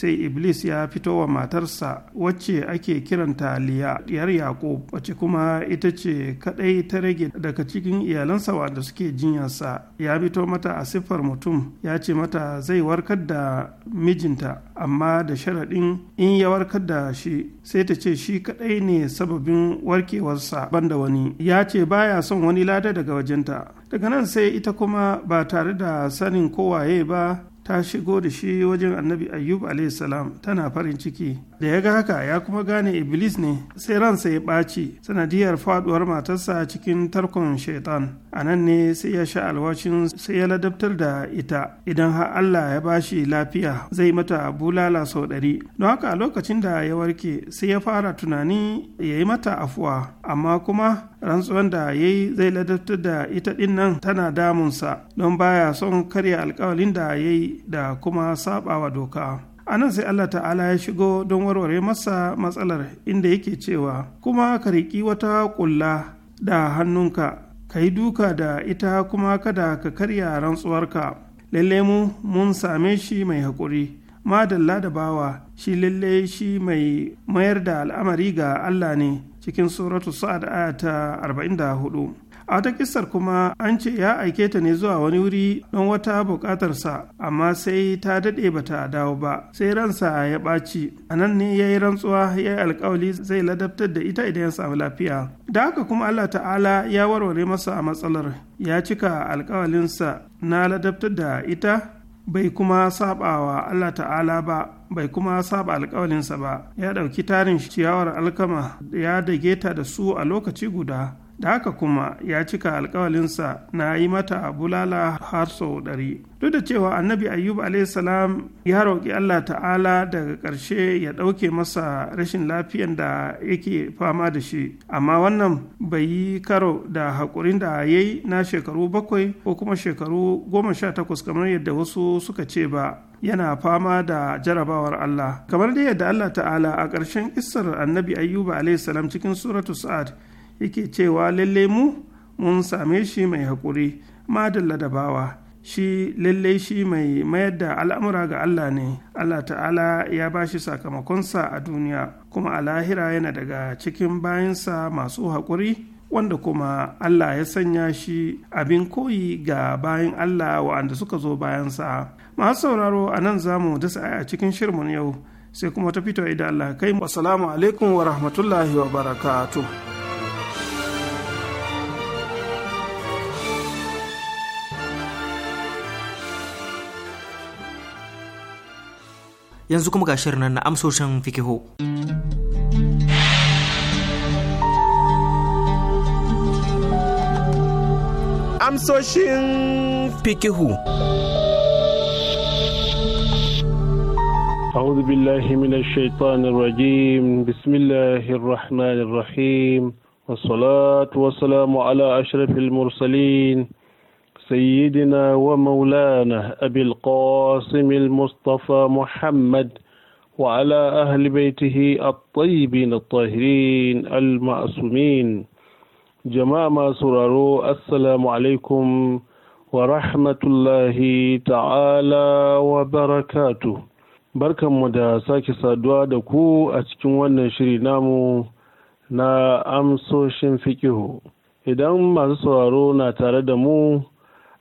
sai iblis ya fito wa matarsa wacce ake kiranta liya diyar yaƙub wacce kuma ita ce kaɗai ta rage daga cikin iyalansa wanda suke jinyarsa ya fito mata a siffar mutum ya ce mata zai warkar da mijinta amma da sharaɗin in ya warkar da shi sai ta ce shi kaɗai ne sababin warkewarsa banda wani ya ce baya son wani lada daga wajenta daga nan sai ita kuma ba tare da sanin kowaye ba ta shigo da shi wajen annabi ayyub a.s. tana farin ciki da ya ga haka ya kuma gane iblis ne sai ransa ya ɓaci sanadiyar faɗuwar matarsa cikin tarkon shaitan a nan ne sai ya sha alwashin sai ya ladabtar da ita idan har allah ya bashi lafiya zai mata bulala sau ɗari don haka a lokacin da ya warke sai ya fara tunani ya yi mata afuwa amma kuma rantsuwan da ya yi zai ladabtar da ita ɗin nan tana damunsa don baya son karya alkawalin da ya yi da kuma saɓawa doka Anan sai allah ta'ala ya shigo don warware masa matsalar inda yake cewa kuma ka riƙi wata ƙulla da hannunka ka yi duka da ita kuma kada ka karya rantsuwarka lalle mu mun same shi mai haƙuri madalla da bawa shi lalle shi mai mayar da al'amari ga allah ne cikin suratu sa'ad ayata da 44 a wata kisar kuma an ce ya aike ta ne zuwa wani wuri don wata buƙatarsa amma sai ta daɗe bata dawo ba sai ransa ya ɓaci a nan ne ya yi rantsuwa ya yi alkawali zai ladabtar da ita idan ya samu lafiya da haka kuma allah ta'ala ya warware masa a matsalar ya cika alkawalinsa na ladabtar da ita bai kuma saba wa Allah ta'ala ba bai kuma saba alkawalinsa ba ya ɗauki tarin ciyawar alkama ya dage ta da su a lokaci guda da haka kuma ya cika alkawalinsa na yi mata bulala har sau ɗari duk da cewa annabi ayyub salam ya roƙi allah ta'ala daga ƙarshe ya ɗauke masa rashin lafiyan da yake fama da shi amma wannan bai yi karo da haƙurin da ya yi na shekaru bakwai ko kuma shekaru goma sha takwas kamar yadda wasu suka ce ba yana fama da jarabawar Allah kamar dai yadda Allah ta'ala a ƙarshen kissar annabi ayyuba salam cikin suratu sa'ad yake cewa lalle mu mun same shi mai haƙuri ma da ladabawa, shi lalle shi mai mayar da al'amura ga Allah ne Allah ta'ala ya ba shi sakamakonsa a duniya kuma a lahira yana daga cikin bayansa masu haƙuri wanda kuma Allah ya sanya shi abin koyi ga bayan Allah wa'anda suka zo bayansa. Masu sauraro a nan za mu dasa a cikin shirmu yau sai kuma ta fito idan Allah kai. Wasalamu alaikum wa rahmatullahi wa barakatuh. yanzu kuma ga shirin nan na amsoshin fikiho. Amsoshin fikihu. أعوذ بالله من الشيطان الرجيم بسم الله الرحمن الرحيم والصلاة والسلام على أشرف المرسلين سيدنا ومولانا أبي القاسم المصطفى محمد وعلى أهل بيته الطيبين الطاهرين المعصومين جماعة سرارو السلام عليكم ورحمة الله تعالى وبركاته barkanmu da sake saduwa da ku a cikin wannan shiri namu na amsoshin fikihu idan masu sauraro na tare da mu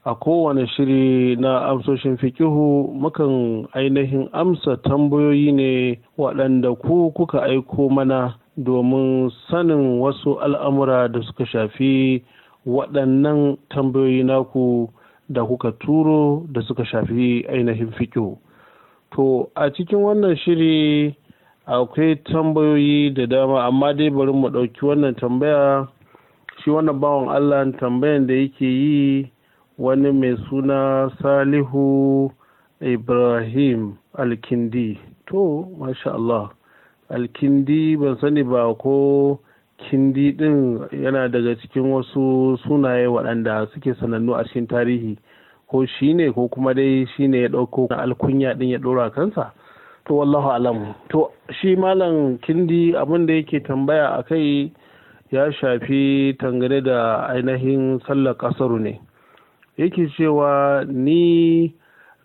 a kowane shiri na amsoshin fikihu mukan ainihin amsa tambayoyi ne waɗanda ku kuka aiko mana domin sanin wasu al'amura da suka shafi waɗannan tambayoyi naku da kuka turo da suka shafi ainihin fikihu. To a cikin wannan shiri akwai tambayoyi da dama amma dai bari mu ɗauki wannan tambaya shi wannan bawan Allah tambayan da yake yi. wani mai suna salihu ibrahim alkindi to masha Allah alkindi ban sani ba ko kindi din yana daga cikin wasu sunaye waɗanda suke sanannu a cikin tarihi ko shi ne ko kuma dai shi ne ya ɗauko alkunya ɗin ya ɗora kansa to wallahu alamu to shi malam kindi abin da yake tambaya a kai ya shafi tangane da ainihin sallar ƙasaru ne yake cewa ni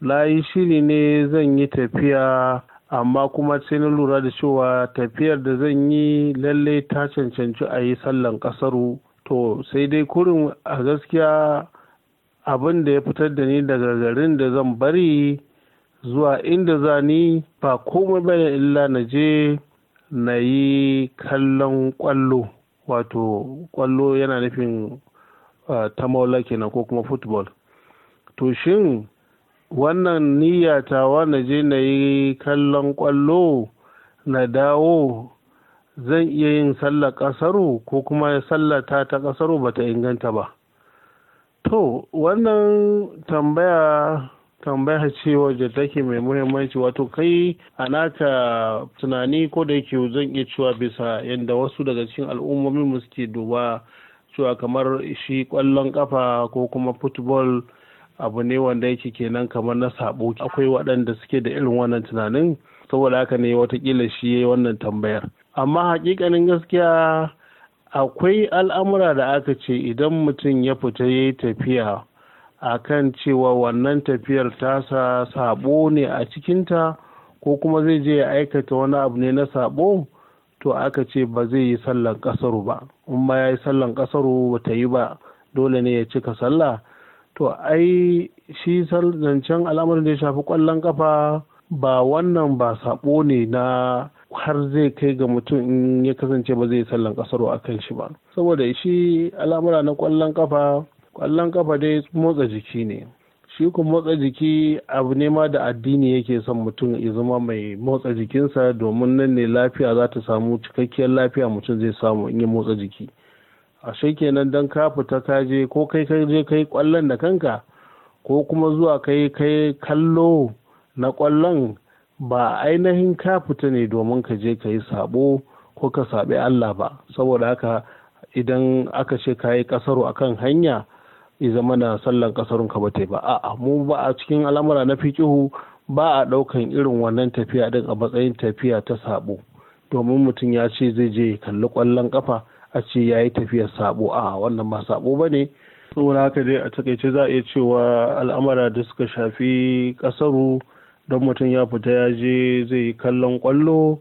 layi shiri ne zan yi tafiya amma kuma sai na lura da cewa tafiyar da zan yi lallai ta cancanci a yi sallan kasaru to sai dai kurin a gaskiya abin da ya fitar da ni daga garin da zan bari zuwa inda za ni ba komai bane illa na je na yi kallon kwallo wato kwallo yana nufin Uh, ta maula kenan ko kuma football to shin wannan niyya ta na je na yi kallon kwallo na dawo zan iya yin sallar ƙasaru ko kuma sallata ta ƙasaru ba ta inganta ba to wannan tambaya tambaya ce waje take mai muhimmanci wato kai a naka tunani ko da yake zan iya cewa bisa yadda wasu daga cikin al'ummomin mu suke duba cewa kamar shi kwallon kafa ko kuma football abu ne wanda yake kenan kamar na sabo akwai waɗanda suke da irin wannan tunanin saboda haka ne watakila shi ya yi wannan tambayar amma hakikanin gaskiya akwai al'amura da aka ce idan mutum ya fita ya yi tafiya a kan cewa wannan tafiyar tasa sabo ne a cikinta ko kuma zai je ya aikata wani abu ne na sabo to aka ce ba zai yi sallan kasaru ba in ma ya yi sallan kasaru ba ta yi ba dole ne ya cika sallah to ai shi zancen al'amarin da ya shafi kwallon kafa ba wannan ba sabo ne na har zai kai ga mutum in ya kasance ba zai yi sallan kasaru a kan shi ba saboda shi al'amura na kwallon kafa kwallon kafa dai motsa jiki ne shi kuma motsa jiki abu ne ma da addini yake son mutum ya zama mai motsa jikinsa domin nan ne lafiya za ta samu cikakkiyar lafiya mutum zai samu in yi motsa jiki ashe kenan don ka fita ka je ko kai ka je kai kwallon da kanka ko kuma zuwa kai kai kallo na kwallon ba ainihin ka fita ne domin ka je ka yi sabo ko ka saɓi Allah ba saboda haka idan aka ce ka yi akan hanya ya zama na sallan kasarun ka bata ba a'a mu ba a cikin al'amura na fikihu ba a daukan irin wannan tafiya din a matsayin tafiya ta sabo domin mutum ya ce zai je kalli kwallon kafa a ce ya yi tafiyar sabo a wannan ba sabo ba ne saboda haka dai a takaice za a iya cewa al'amura da suka shafi kasaru don mutum ya fita ya je zai yi kallon kwallo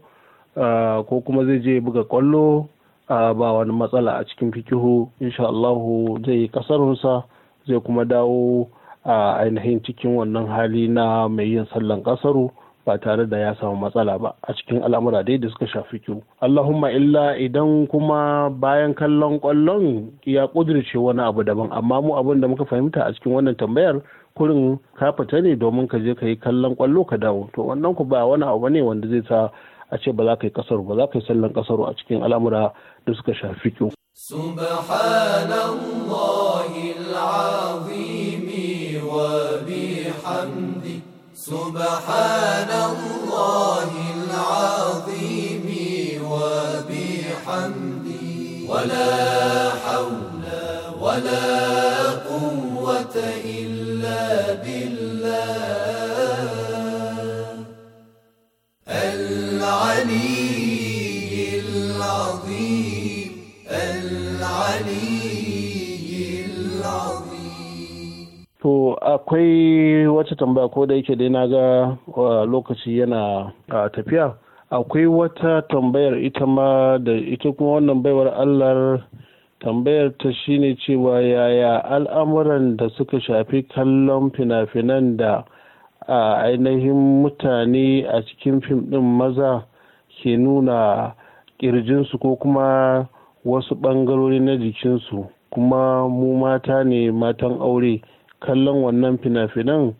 ko kuma zai je buga kwallo ba wani matsala a cikin fikihu insha Allahu zai yi kasarunsa zai kuma dawo a ainihin cikin wannan hali na mai yin sallan kasaru ba tare da ya samu matsala ba a cikin al'amura dai da suka shafi kyau. allahumma illa idan kuma bayan kallon kwallon ya kudirce wani abu daban amma mu abin da muka fahimta a cikin wannan tambayar kurin ka fita ne domin ka je ka yi kallon kwallo ka dawo to wannan ku ba wani abu ne wanda zai sa a ce ba za ka yi kasar ba za ka yi sallan kasar a cikin al'amura da suka shafi kyau. subhanallah العظيم وبحمده سبحان الله العظيم وبحمده ولا حول ولا To akwai wata tambaya ko da yake dai na ga lokaci yana tafiya. Akwai wata tambayar ita ma da ita kuma wannan baiwar Allah tambayar ta shine cewa yaya al'amuran da suka shafi kallon fina-finan da a ainihin mutane a cikin fim ɗin maza ke nuna ƙirjinsu ko kuma wasu ɓangarori na jikinsu kuma mu mata ne matan aure. kallon wannan fina-finan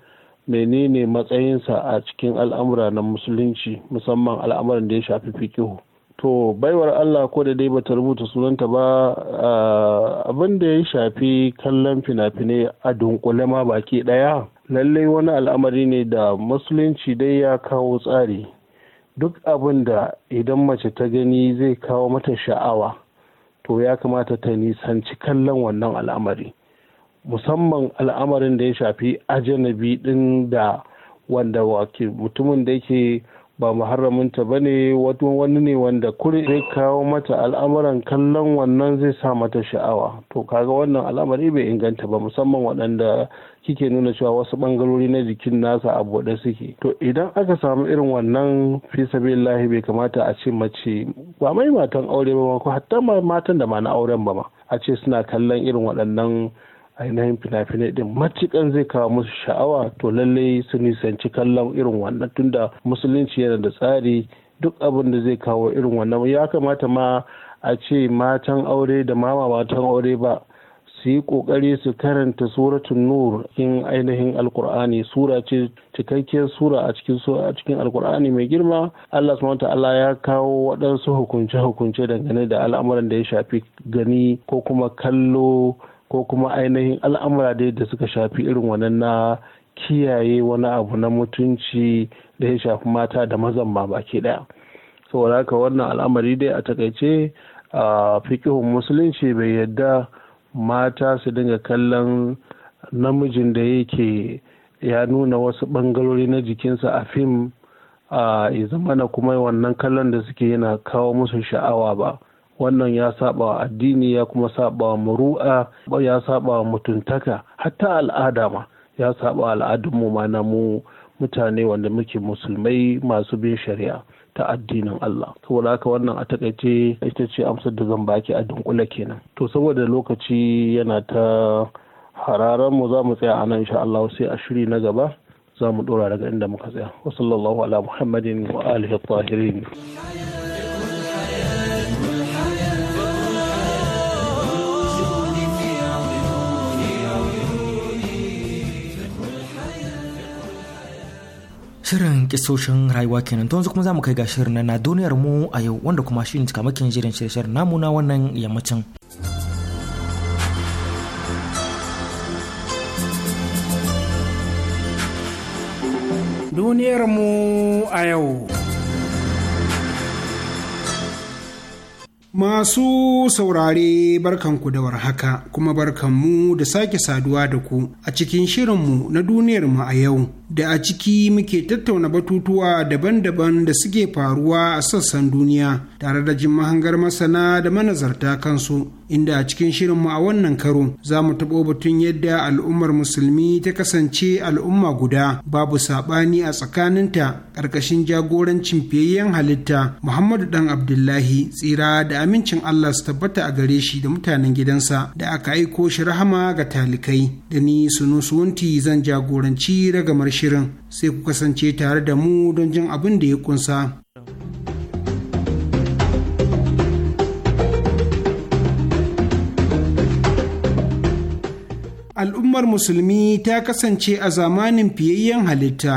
menene matsayinsa a cikin al'amura na musulunci musamman al'amuran da ya shafi fikihu to baiwar allah ko da dai bata rubuta sunanta ba abin da ya shafi kallon fina-finai a dunkule ma baki daya lallai wani al'amari ne da musulunci dai ya kawo tsari duk abin da idan mace ta gani zai kawo mata sha'awa to ya kamata ta nisanci kallon wannan al'amari musamman al'amarin da ya shafi ajanabi din da wanda wake mutumin da yake ba muharraminta ba ne wani ne wanda kuri zai kawo mata al'amuran kallon wannan zai sa mata sha'awa to kaga wannan al'amari bai inganta ba musamman waɗanda kike nuna cewa wasu bangarori na jikin nasa a buɗe suke to idan aka samu irin wannan fi sabilillahi bai kamata a ce mace ba mai matan aure ba ko hatta matan da ma na auren ba ma a ce suna kallon irin waɗannan ainihin fina-finai din matukan zai kawo musu sha'awa to lallai su nisanci kallon irin wannan tunda musulunci yana da tsari duk abin da zai kawo irin wannan ya kamata ma a ce matan aure da mama matan aure ba su yi kokari su karanta suratun nur in ainihin alkur'ani sura ce cikakkiyar sura a cikin a cikin alkur'ani mai girma allah subhanahu ta'ala ya kawo waɗansu hukunce hukunce dangane da al'amuran da ya shafi gani ko kuma kallo ko kuma ainihin al'amura dai da suka shafi irin wannan na kiyaye wani abu na mutunci da ya shafi mata da mazan ma baki daya saboda haka wannan al'amari dai a takaice a fikihun musulunci bai yadda mata su dinga kallon namijin da yake ya nuna wasu bangarori na jikinsa a fim a zamana kuma wannan kallon da suke yana kawo musu sha'awa ba. wannan ya saba wa addini ya kuma saba wa muru'a ya saba wa mutuntaka hatta al'ada ma ya saba mu ma na mu mutane wanda muke musulmai masu bin shari'a ta addinin Allah saboda haka wannan a takaice ita ce amsar da zan baki a dunkula kenan to saboda lokaci yana ta hararan mu za mu tsaya a nan insha Allah sai a shiri na gaba za mu dora daga inda muka tsaya wa sallallahu ala muhammadin wa alihi tahirin Shirin kisoshin rayuwa kenan tun kuma za mu kai ga shirin na duniyar mu a yau wanda kuma shi ne cikamakin jirin shirin namu na wannan yammacin. Duniyar mu a yau. Masu saurare barkanku da warhaka kuma barkan mu da sake saduwa da ku a cikin shirin mu na duniyarmu a yau. da a ciki muke tattauna batutuwa daban-daban da suke faruwa a sassan duniya tare da jin mahangar masana da manazarta kansu inda a cikin shirinmu a wannan karo za mu taɓo batun yadda al'ummar musulmi ta kasance al'umma guda babu saɓani a tsakaninta ƙarƙashin jagorancin fiyayyen halitta muhammadu dan abdullahi tsira da amincin allah su tabbata a gare shi da mutanen gidansa da aka aiko shi rahama ga talikai da ni sunusuwanti zan jagoranci ragamar shi shirin sai ku kasance tare da mu don jin abin da ya kunsa. Al'ummar musulmi ta kasance a zamanin fiyayyen halitta,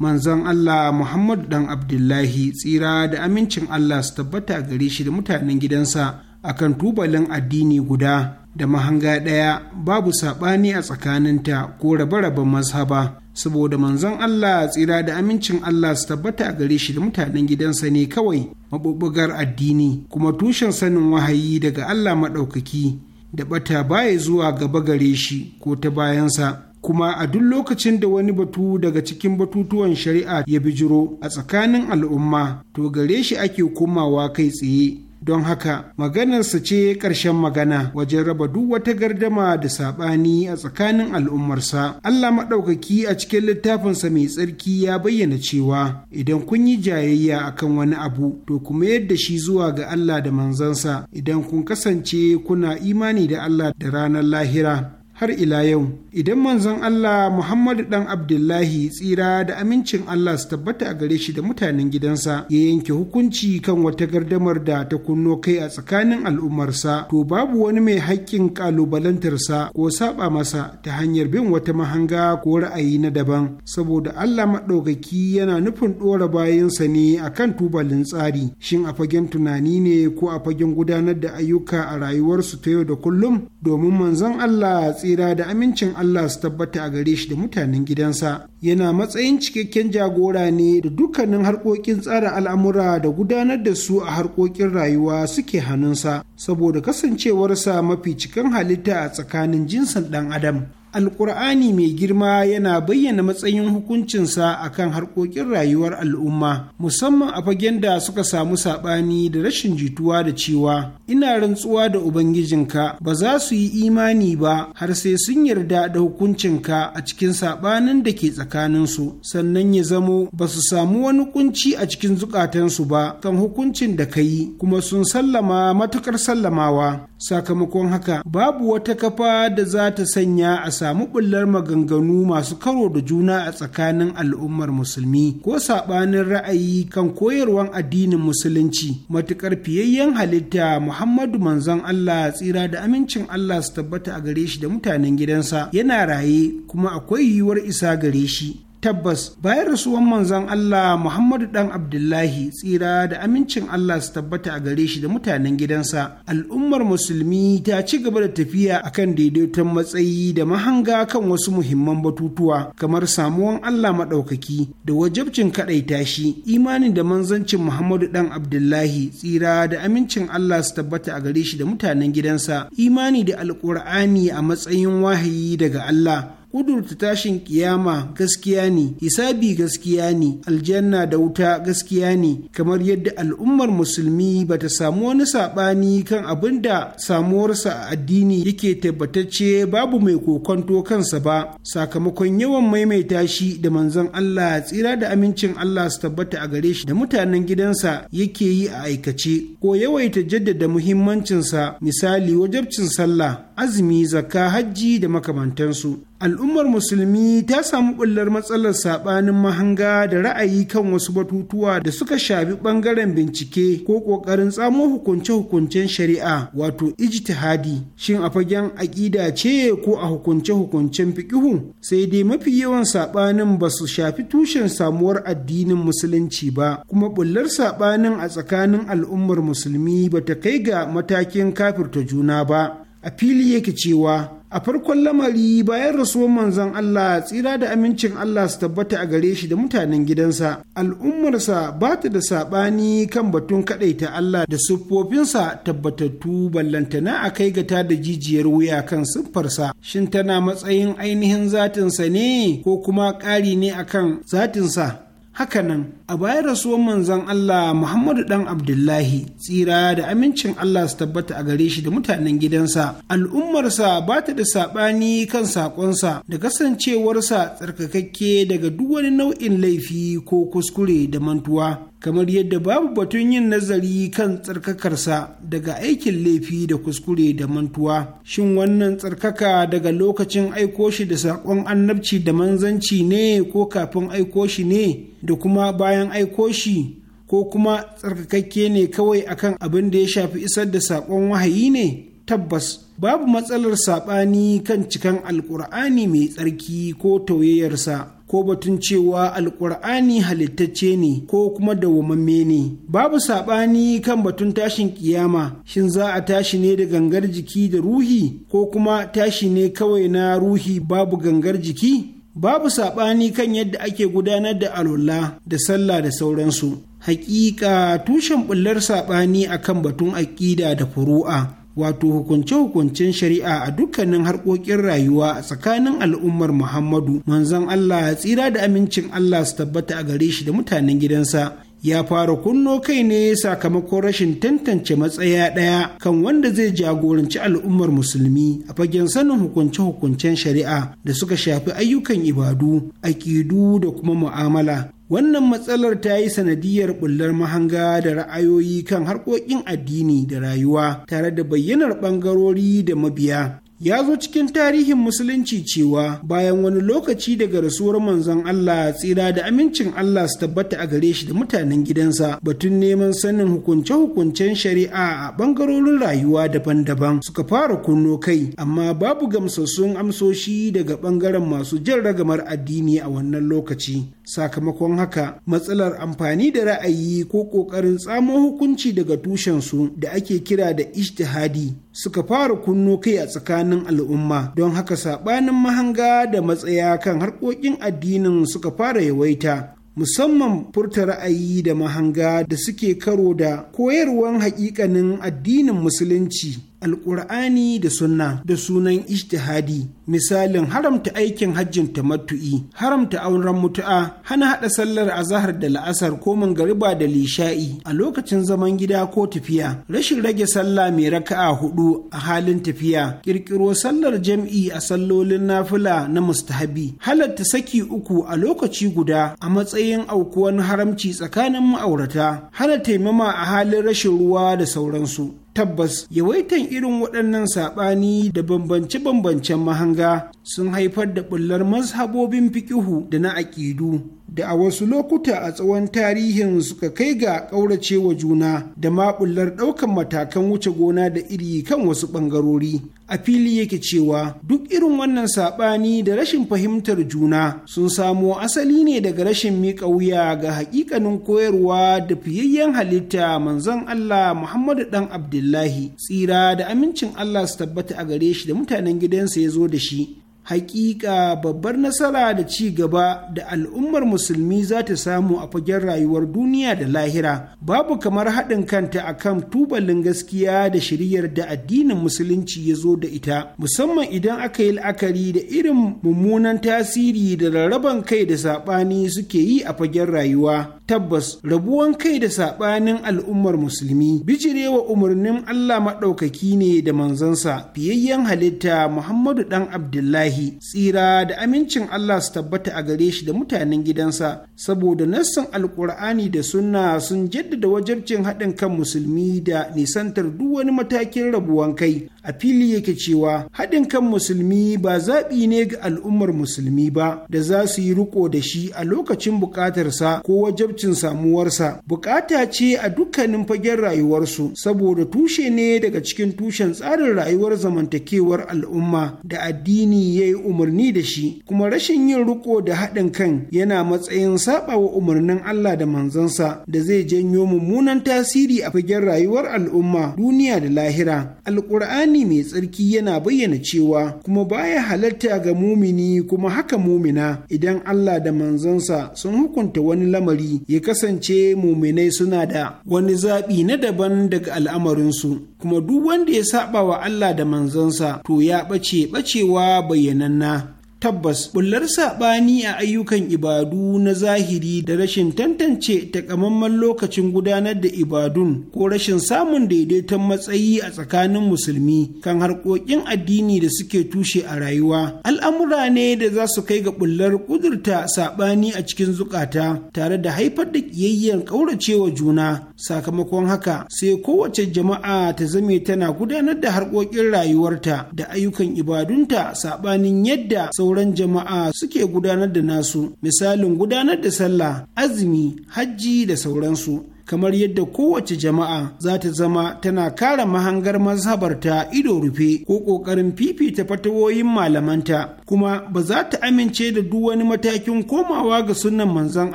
manzon Allah Muhammadu ɗan Abdullahi tsira da amincin Allah su tabbata gare shi da mutanen gidansa a kan tubalin addini guda da mahanga ɗaya babu saɓani a tsakaninta ko rabe-raben mazhaba. saboda manzon Allah tsira da amincin Allah su tabbata a gare shi da mutanen gidansa ne kawai maɓuɓɓugar addini kuma tushen sanin wahayi daga Allah maɗaukaki da ɓata baya zuwa gaba gare shi ko ta bayansa kuma a duk lokacin da wani batu daga cikin batutuwan shari'a ya bijiro a tsakanin al'umma to gare shi ake komawa kai tsaye don haka maganarsa ce ƙarshen magana wajen raba duk wata gardama da saɓani a tsakanin al'ummarsa Allah maɗaukaki a cikin littafinsa mai tsarki ya bayyana cewa idan kun yi jayayya akan wani abu to kuma da shi zuwa ga Allah da manzansa idan kun kasance kuna imani da Allah da ranar lahira har ila yau idan manzon Allah Muhammadu ɗan Abdullahi tsira da amincin Allah su tabbata a gare shi da mutanen gidansa ya yanke hukunci kan wata gardamar da ta kunno kai a tsakanin al'ummarsa to babu wani mai haƙƙin ƙalubalantarsa ko saɓa masa ta hanyar bin wata mahanga ko ra'ayi na daban saboda Allah maɗaukaki yana nufin ɗora bayansa ne a kan tubalin tsari shin a fagen tunani ne ko a fagen gudanar da ayyuka a rayuwarsu ta yau da kullum domin manzon Allah tsira da amincin Allah su tabbata a gare shi da mutanen gidansa yana matsayin cikakken jagora ne da dukkanin harkokin tsara al'amura da gudanar da su a harkokin rayuwa suke hannunsa saboda kasancewarsa mafi cikin halitta a tsakanin jinsin ɗan adam alkur'ani mai girma yana bayyana matsayin hukuncinsa a kan harkokin rayuwar al'umma musamman a fagen da suka samu saɓani da rashin jituwa da cewa ina rantsuwa da ubangijinka ba za su yi imani ba har sai sun yarda da hukuncinka a cikin saɓanin da ke tsakaninsu sannan ya zamo ba su samu wani kunci a cikin zukatansu ba kan hukuncin da ka yi kuma sun sallama matukar sallamawa sakamakon haka babu wata kafa da za ta sanya a samu bullar maganganu masu karo da juna a tsakanin al'ummar musulmi ko saɓanin ra'ayi kan koyarwan addinin musulunci matukar fiyayyen halitta muhammadu manzon allah tsira da amincin allah su tabbata a gare shi da mutanen gidansa yana raye kuma akwai yiwuwar isa gare shi tabbas bayan rasuwan manzon Allah Muhammadu dan Abdullahi tsira da amincin Allah su tabbata a gare shi da mutanen gidansa al'ummar musulmi ta ci gaba da tafiya a kan daidaiton matsayi da mahanga kan wasu muhimman batutuwa kamar samuwan Allah maɗaukaki da wajabcin kaɗaita shi imanin da manzancin Muhammadu dan Abdullahi tsira da amincin Allah su tabbata a gare shi da mutanen gidansa imani da alƙur'ani a matsayin wahayi daga Allah kudurta tashin kiyama gaskiya ne hisabi gaskiya ne aljanna da wuta gaskiya ne kamar yadda al'ummar musulmi ba ta samu wani saɓani kan abin da samuwarsa a addini yake tabbatacce babu mai kokonto kansa ba sakamakon yawan maimaita shi da manzon Allah tsira da amincin Allah su tabbata a gare shi da mutanen gidansa yake yi a aikace ko yawaita jaddada muhimmancinsa misali wajabcin sallah azumi zakka hajji da makamantansu al'ummar musulmi ta samu bullar matsalar saɓanin mahanga da ra'ayi kan wasu batutuwa da suka shafi ɓangaren bincike ko ƙoƙarin tsamo hukunce-hukuncen shari'a wato ijtihadi shin a fagen aƙida ce ko a hukunce-hukuncen fiƙihu sai dai mafi yawan saɓanin ba su shafi tushen samuwar addinin musulunci ba kuma bullar saɓanin a tsakanin al'ummar musulmi ba ta kai ga matakin kafirta juna ba a fili yake cewa a farkon lamari bayan rasuwar manzon Allah tsira da amincin Allah su tabbata a gare shi da mutanen gidansa al'ummarsa ba ta da saɓani kan batun kaɗaita Allah da siffofinsa tabbatattu ballantana a kai gata da jijiyar wuya kan siffarsa shin tana matsayin ainihin zatinsa ne ko kuma ƙari ne akan zatinsa Hakanan, a bayan rasuwar manzon Allah Muhammadu ɗan Abdullahi tsira da amincin Allah su tabbata a gare shi da mutanen gidansa, al'ummarsa ba ta da saɓani kan saƙonsa da kasancewarsa tsarkakakke daga duk wani nau'in laifi ko kuskure da mantuwa. kamar yadda babu batun yin nazari kan tsarkakarsa daga aikin laifi da kuskure da mantuwa shin wannan tsarkaka daga lokacin aiko shi da saƙon annabci da manzanci ne ko kafin aiko shi ne da kuma bayan aiko shi ko kuma tsarkakakke ne kawai akan abin da ya shafi isar da saƙon wahayi ne tabbas babu matsalar saɓani kan cikan alkur'ani mai tsarki ko tauyayarsa ko batun cewa alkur'ani halittacce ne ko kuma dawwamamme ne babu saɓani kan batun tashin kiyama shin za a tashi ne da gangar jiki da ruhi ko kuma tashi ne kawai na ruhi babu gangar jiki babu saɓani kan yadda ake gudanar da alwala da sallah da sauransu hakika tushen bullar saɓani akan batun aƙida da furu'a wato hukunce-hukuncen shari'a a dukkanin harkokin rayuwa a tsakanin al'ummar Muhammadu manzon Allah ya tsira da amincin Allah su tabbata a gare shi da mutanen gidansa ya fara kunno kai ne sakamakon rashin tantance matsaya ɗaya kan wanda zai jagoranci al'ummar musulmi a fagen sanin hukunce-hukuncen shari'a da suka shafi ayyukan ibadu aƙidu da kuma mu'amala wannan matsalar ta yi sanadiyar bullar mahanga da ra'ayoyi kan harkokin addini da rayuwa tare da bayyanar ɓangarori da mabiya ya zo cikin tarihin musulunci cewa bayan wani lokaci daga rasuwar manzon Allah tsira da amincin Allah su tabbata a gare shi da mutanen gidansa batun neman sanin hukunce-hukuncen shari'a a ɓangarorin rayuwa daban-daban suka fara kunno kai amma babu gamsassun amsoshi daga ɓangaren masu jin ragamar addini a wannan lokaci sakamakon haka matsalar amfani da ra'ayi ko ƙoƙarin tsamo hukunci daga tushensu da ake kira da ijtihadi suka fara kunno kai a tsakanin al'umma don haka saɓanin mahanga da matsaya kan harkokin addinin suka fara yawaita musamman furta ra'ayi da mahanga da suke karo da koyarwan haƙiƙanin addinin musulunci Alƙur'ani da sunna da sunan ijtihadi misalin haramta aikin hajjin matu'i haramta auren mutu'a hana haɗa sallar azahar da la'asar ko mangariba da lishai a lokacin zaman gida ko tafiya rashin rage sallah mai raka'a hudu a halin tafiya ƙirƙiro sallar jam'i a sallolin nafila na mustahabi halatta saki uku a lokaci guda a matsayin aukuwan haramci tsakanin ma'aurata hana taimama a halin rashin ruwa da sauransu tabbas yawaitan irin waɗannan saɓani da bambance-bambancen mahanga sun haifar da ɓullar mazhabobin fikihu da na aƙidu da a wasu lokuta a tsawon tarihin suka kai ga ƙauracewa juna da maɓullar ɗaukan matakan wuce gona da iri kan wasu ɓangarori. A fili yake cewa duk irin wannan saɓani da rashin fahimtar juna sun samo asali ne daga rashin miƙa wuya ga haƙiƙanin koyarwa da fiyayyen halitta manzon Allah Muhammadu ɗan Abdullahi tsira da amincin Allah su tabbata a gare shi da mutanen gidansa ya zo da shi hakika babbar nasara da ci gaba da al'ummar musulmi za ta samu a fagen rayuwar duniya da lahira babu kamar haɗin kanta a kan tubalin gaskiya da shiriyar da addinin musulunci ya zo da ita musamman idan aka yi la'akari da irin mummunan tasiri da rarraban kai da saɓani suke yi a fagen rayuwa tabbas rabuwan kai da saɓanin al'ummar musulmi bijirewa umarnin Allah maɗaukaki ne da manzansa fiyayyen halitta Muhammadu ɗan Abdullahi ilahi tsira da amincin Allah su tabbata a gare shi da mutanen gidansa saboda nassin alkur'ani da sunna sun jaddada wajabcin haɗin kan musulmi da nisantar duk wani matakin rabuwan kai a fili yake cewa haɗin kan musulmi ba zaɓi ne ga al'ummar musulmi ba da za su yi riko da shi a lokacin buƙatarsa ko wajabcin samuwarsa buƙata ce a dukkanin fagen rayuwarsu saboda tushe ne daga cikin tushen tsarin rayuwar zamantakewar al'umma da addini ya ya yi umarni da shi kuma rashin yin riko da haɗin kan yana matsayin saba wa umarnin Allah da manzansa da zai janyo mummunan tasiri a fagen rayuwar al'umma duniya da lahira alƙur'ani mai tsarki yana bayyana cewa kuma baya halatta ga mumini kuma haka mumina idan Allah da manzansa sun hukunta wani lamari ya kasance muminai suna da wani zaɓi na daban daga al'amarinsu kuma duk wanda ya saba wa Allah da manzansa to ya ɓace ɓacewa bayyana nanna tabbas bullar saɓani a ayyukan ibadu na zahiri da rashin tantance takamaiman lokacin gudanar da ibadun ko rashin samun daidaiton matsayi a tsakanin musulmi kan harkokin addini da suke tushe a rayuwa al'amura ne da za su kai ga bullar kudurta saɓani a cikin zukata tare da haifar da ƙiyayyen ƙauracewa juna sakamakon haka sai kowace jama'a ta zame tana gudanar da harkokin rayuwarta da ayyukan ibadunta sabanin yadda sauran jama'a suke gudanar da nasu misalin gudanar da sallah azumi hajji da sauransu kamar yadda kowace jama'a za ta zama tana kara mahangar mazhabarta ido rufe ko ƙoƙarin fifita fatawoyin malamanta kuma ba za ta amince da duk wani matakin komawa ga sunan manzon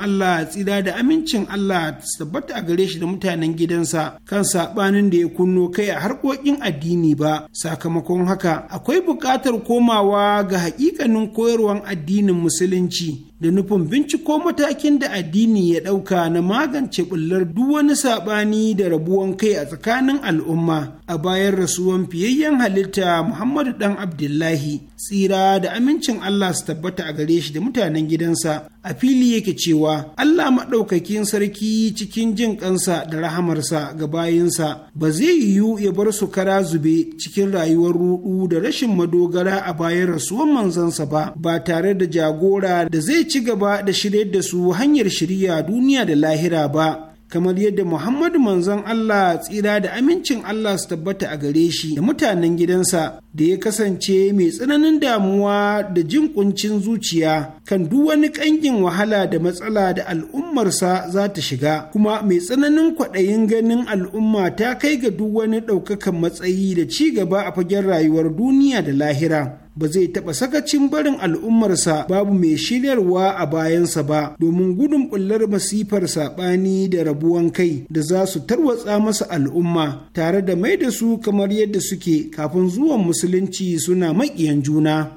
Allah tsira da amincin Allah tabbata a gare shi da mutanen gidansa kan sabanin da ya kunno kai a harkokin addini ba sakamakon haka akwai buƙatar komawa ga hakikanin koyarwan addinin musulunci da nufin binciko matakin da addini ya ɗauka na magance bullar duk wani saɓani da rabuwan kai a tsakanin al'umma a bayan rasuwan fiyayyen halitta muhammadu ɗan abdullahi tsira da amincin Allah su tabbata a gare shi da mutanen gidansa a fili yake cewa Allah maɗaukakin sarki cikin jin ƙansa da rahamarsa ga bayinsa ba zai yiwu ya bar su kara zube cikin rayuwar ruɗu da rashin madogara a bayan rasuwan manzansa ba ba tare da jagora da zai ci gaba da shirye da su hanyar shirya duniya da lahira ba kamar yadda Muhammadu manzon Allah tsira da amincin Allah su tabbata a gare shi da mutanen gidansa da ya kasance mai tsananin damuwa da jin kuncin zuciya kan duk wani ƙangin wahala da matsala da al'ummarsa za ta shiga kuma mai tsananin kwaɗayin ganin al'umma ta kai ga duk wani ɗaukakan matsayi da ci gaba a fagen rayuwar duniya da lahira ba zai taɓa sakacin barin al'ummarsa babu mai shiryarwa a bayansa ba domin gudun ɓullar masifar saɓani da rabuwan kai da za su tarwatsa masa al'umma tare da mai da su kamar yadda suke kafin zuwan musulunci suna maƙiyan juna.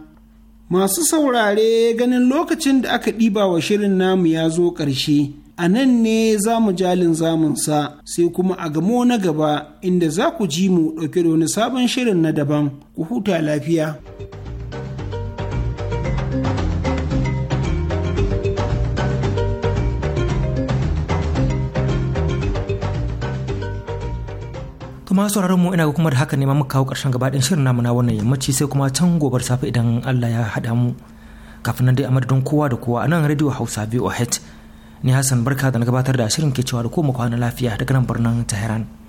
Masu saurare ganin lokacin da aka ɗiba wa shirin namu ya zo ƙarshe. a nan ne za mu jalin zamunsa sai kuma a gamo na gaba inda za ku ji mu ɗauke da wani sabon shirin na daban ku huta lafiya. kuma sauraron mu ina ga kuma da haka ne ma muka kawo karshen gabaɗin shirin namu na wannan yammaci sai kuma can gobar safe idan Allah ya haɗa mu kafin nan dai a madadin kowa da kowa a nan radio Hausa VOH ni hassan barka da na gabatar da shirin ke cewa da koma kwana lafiya daga nan birnin tehran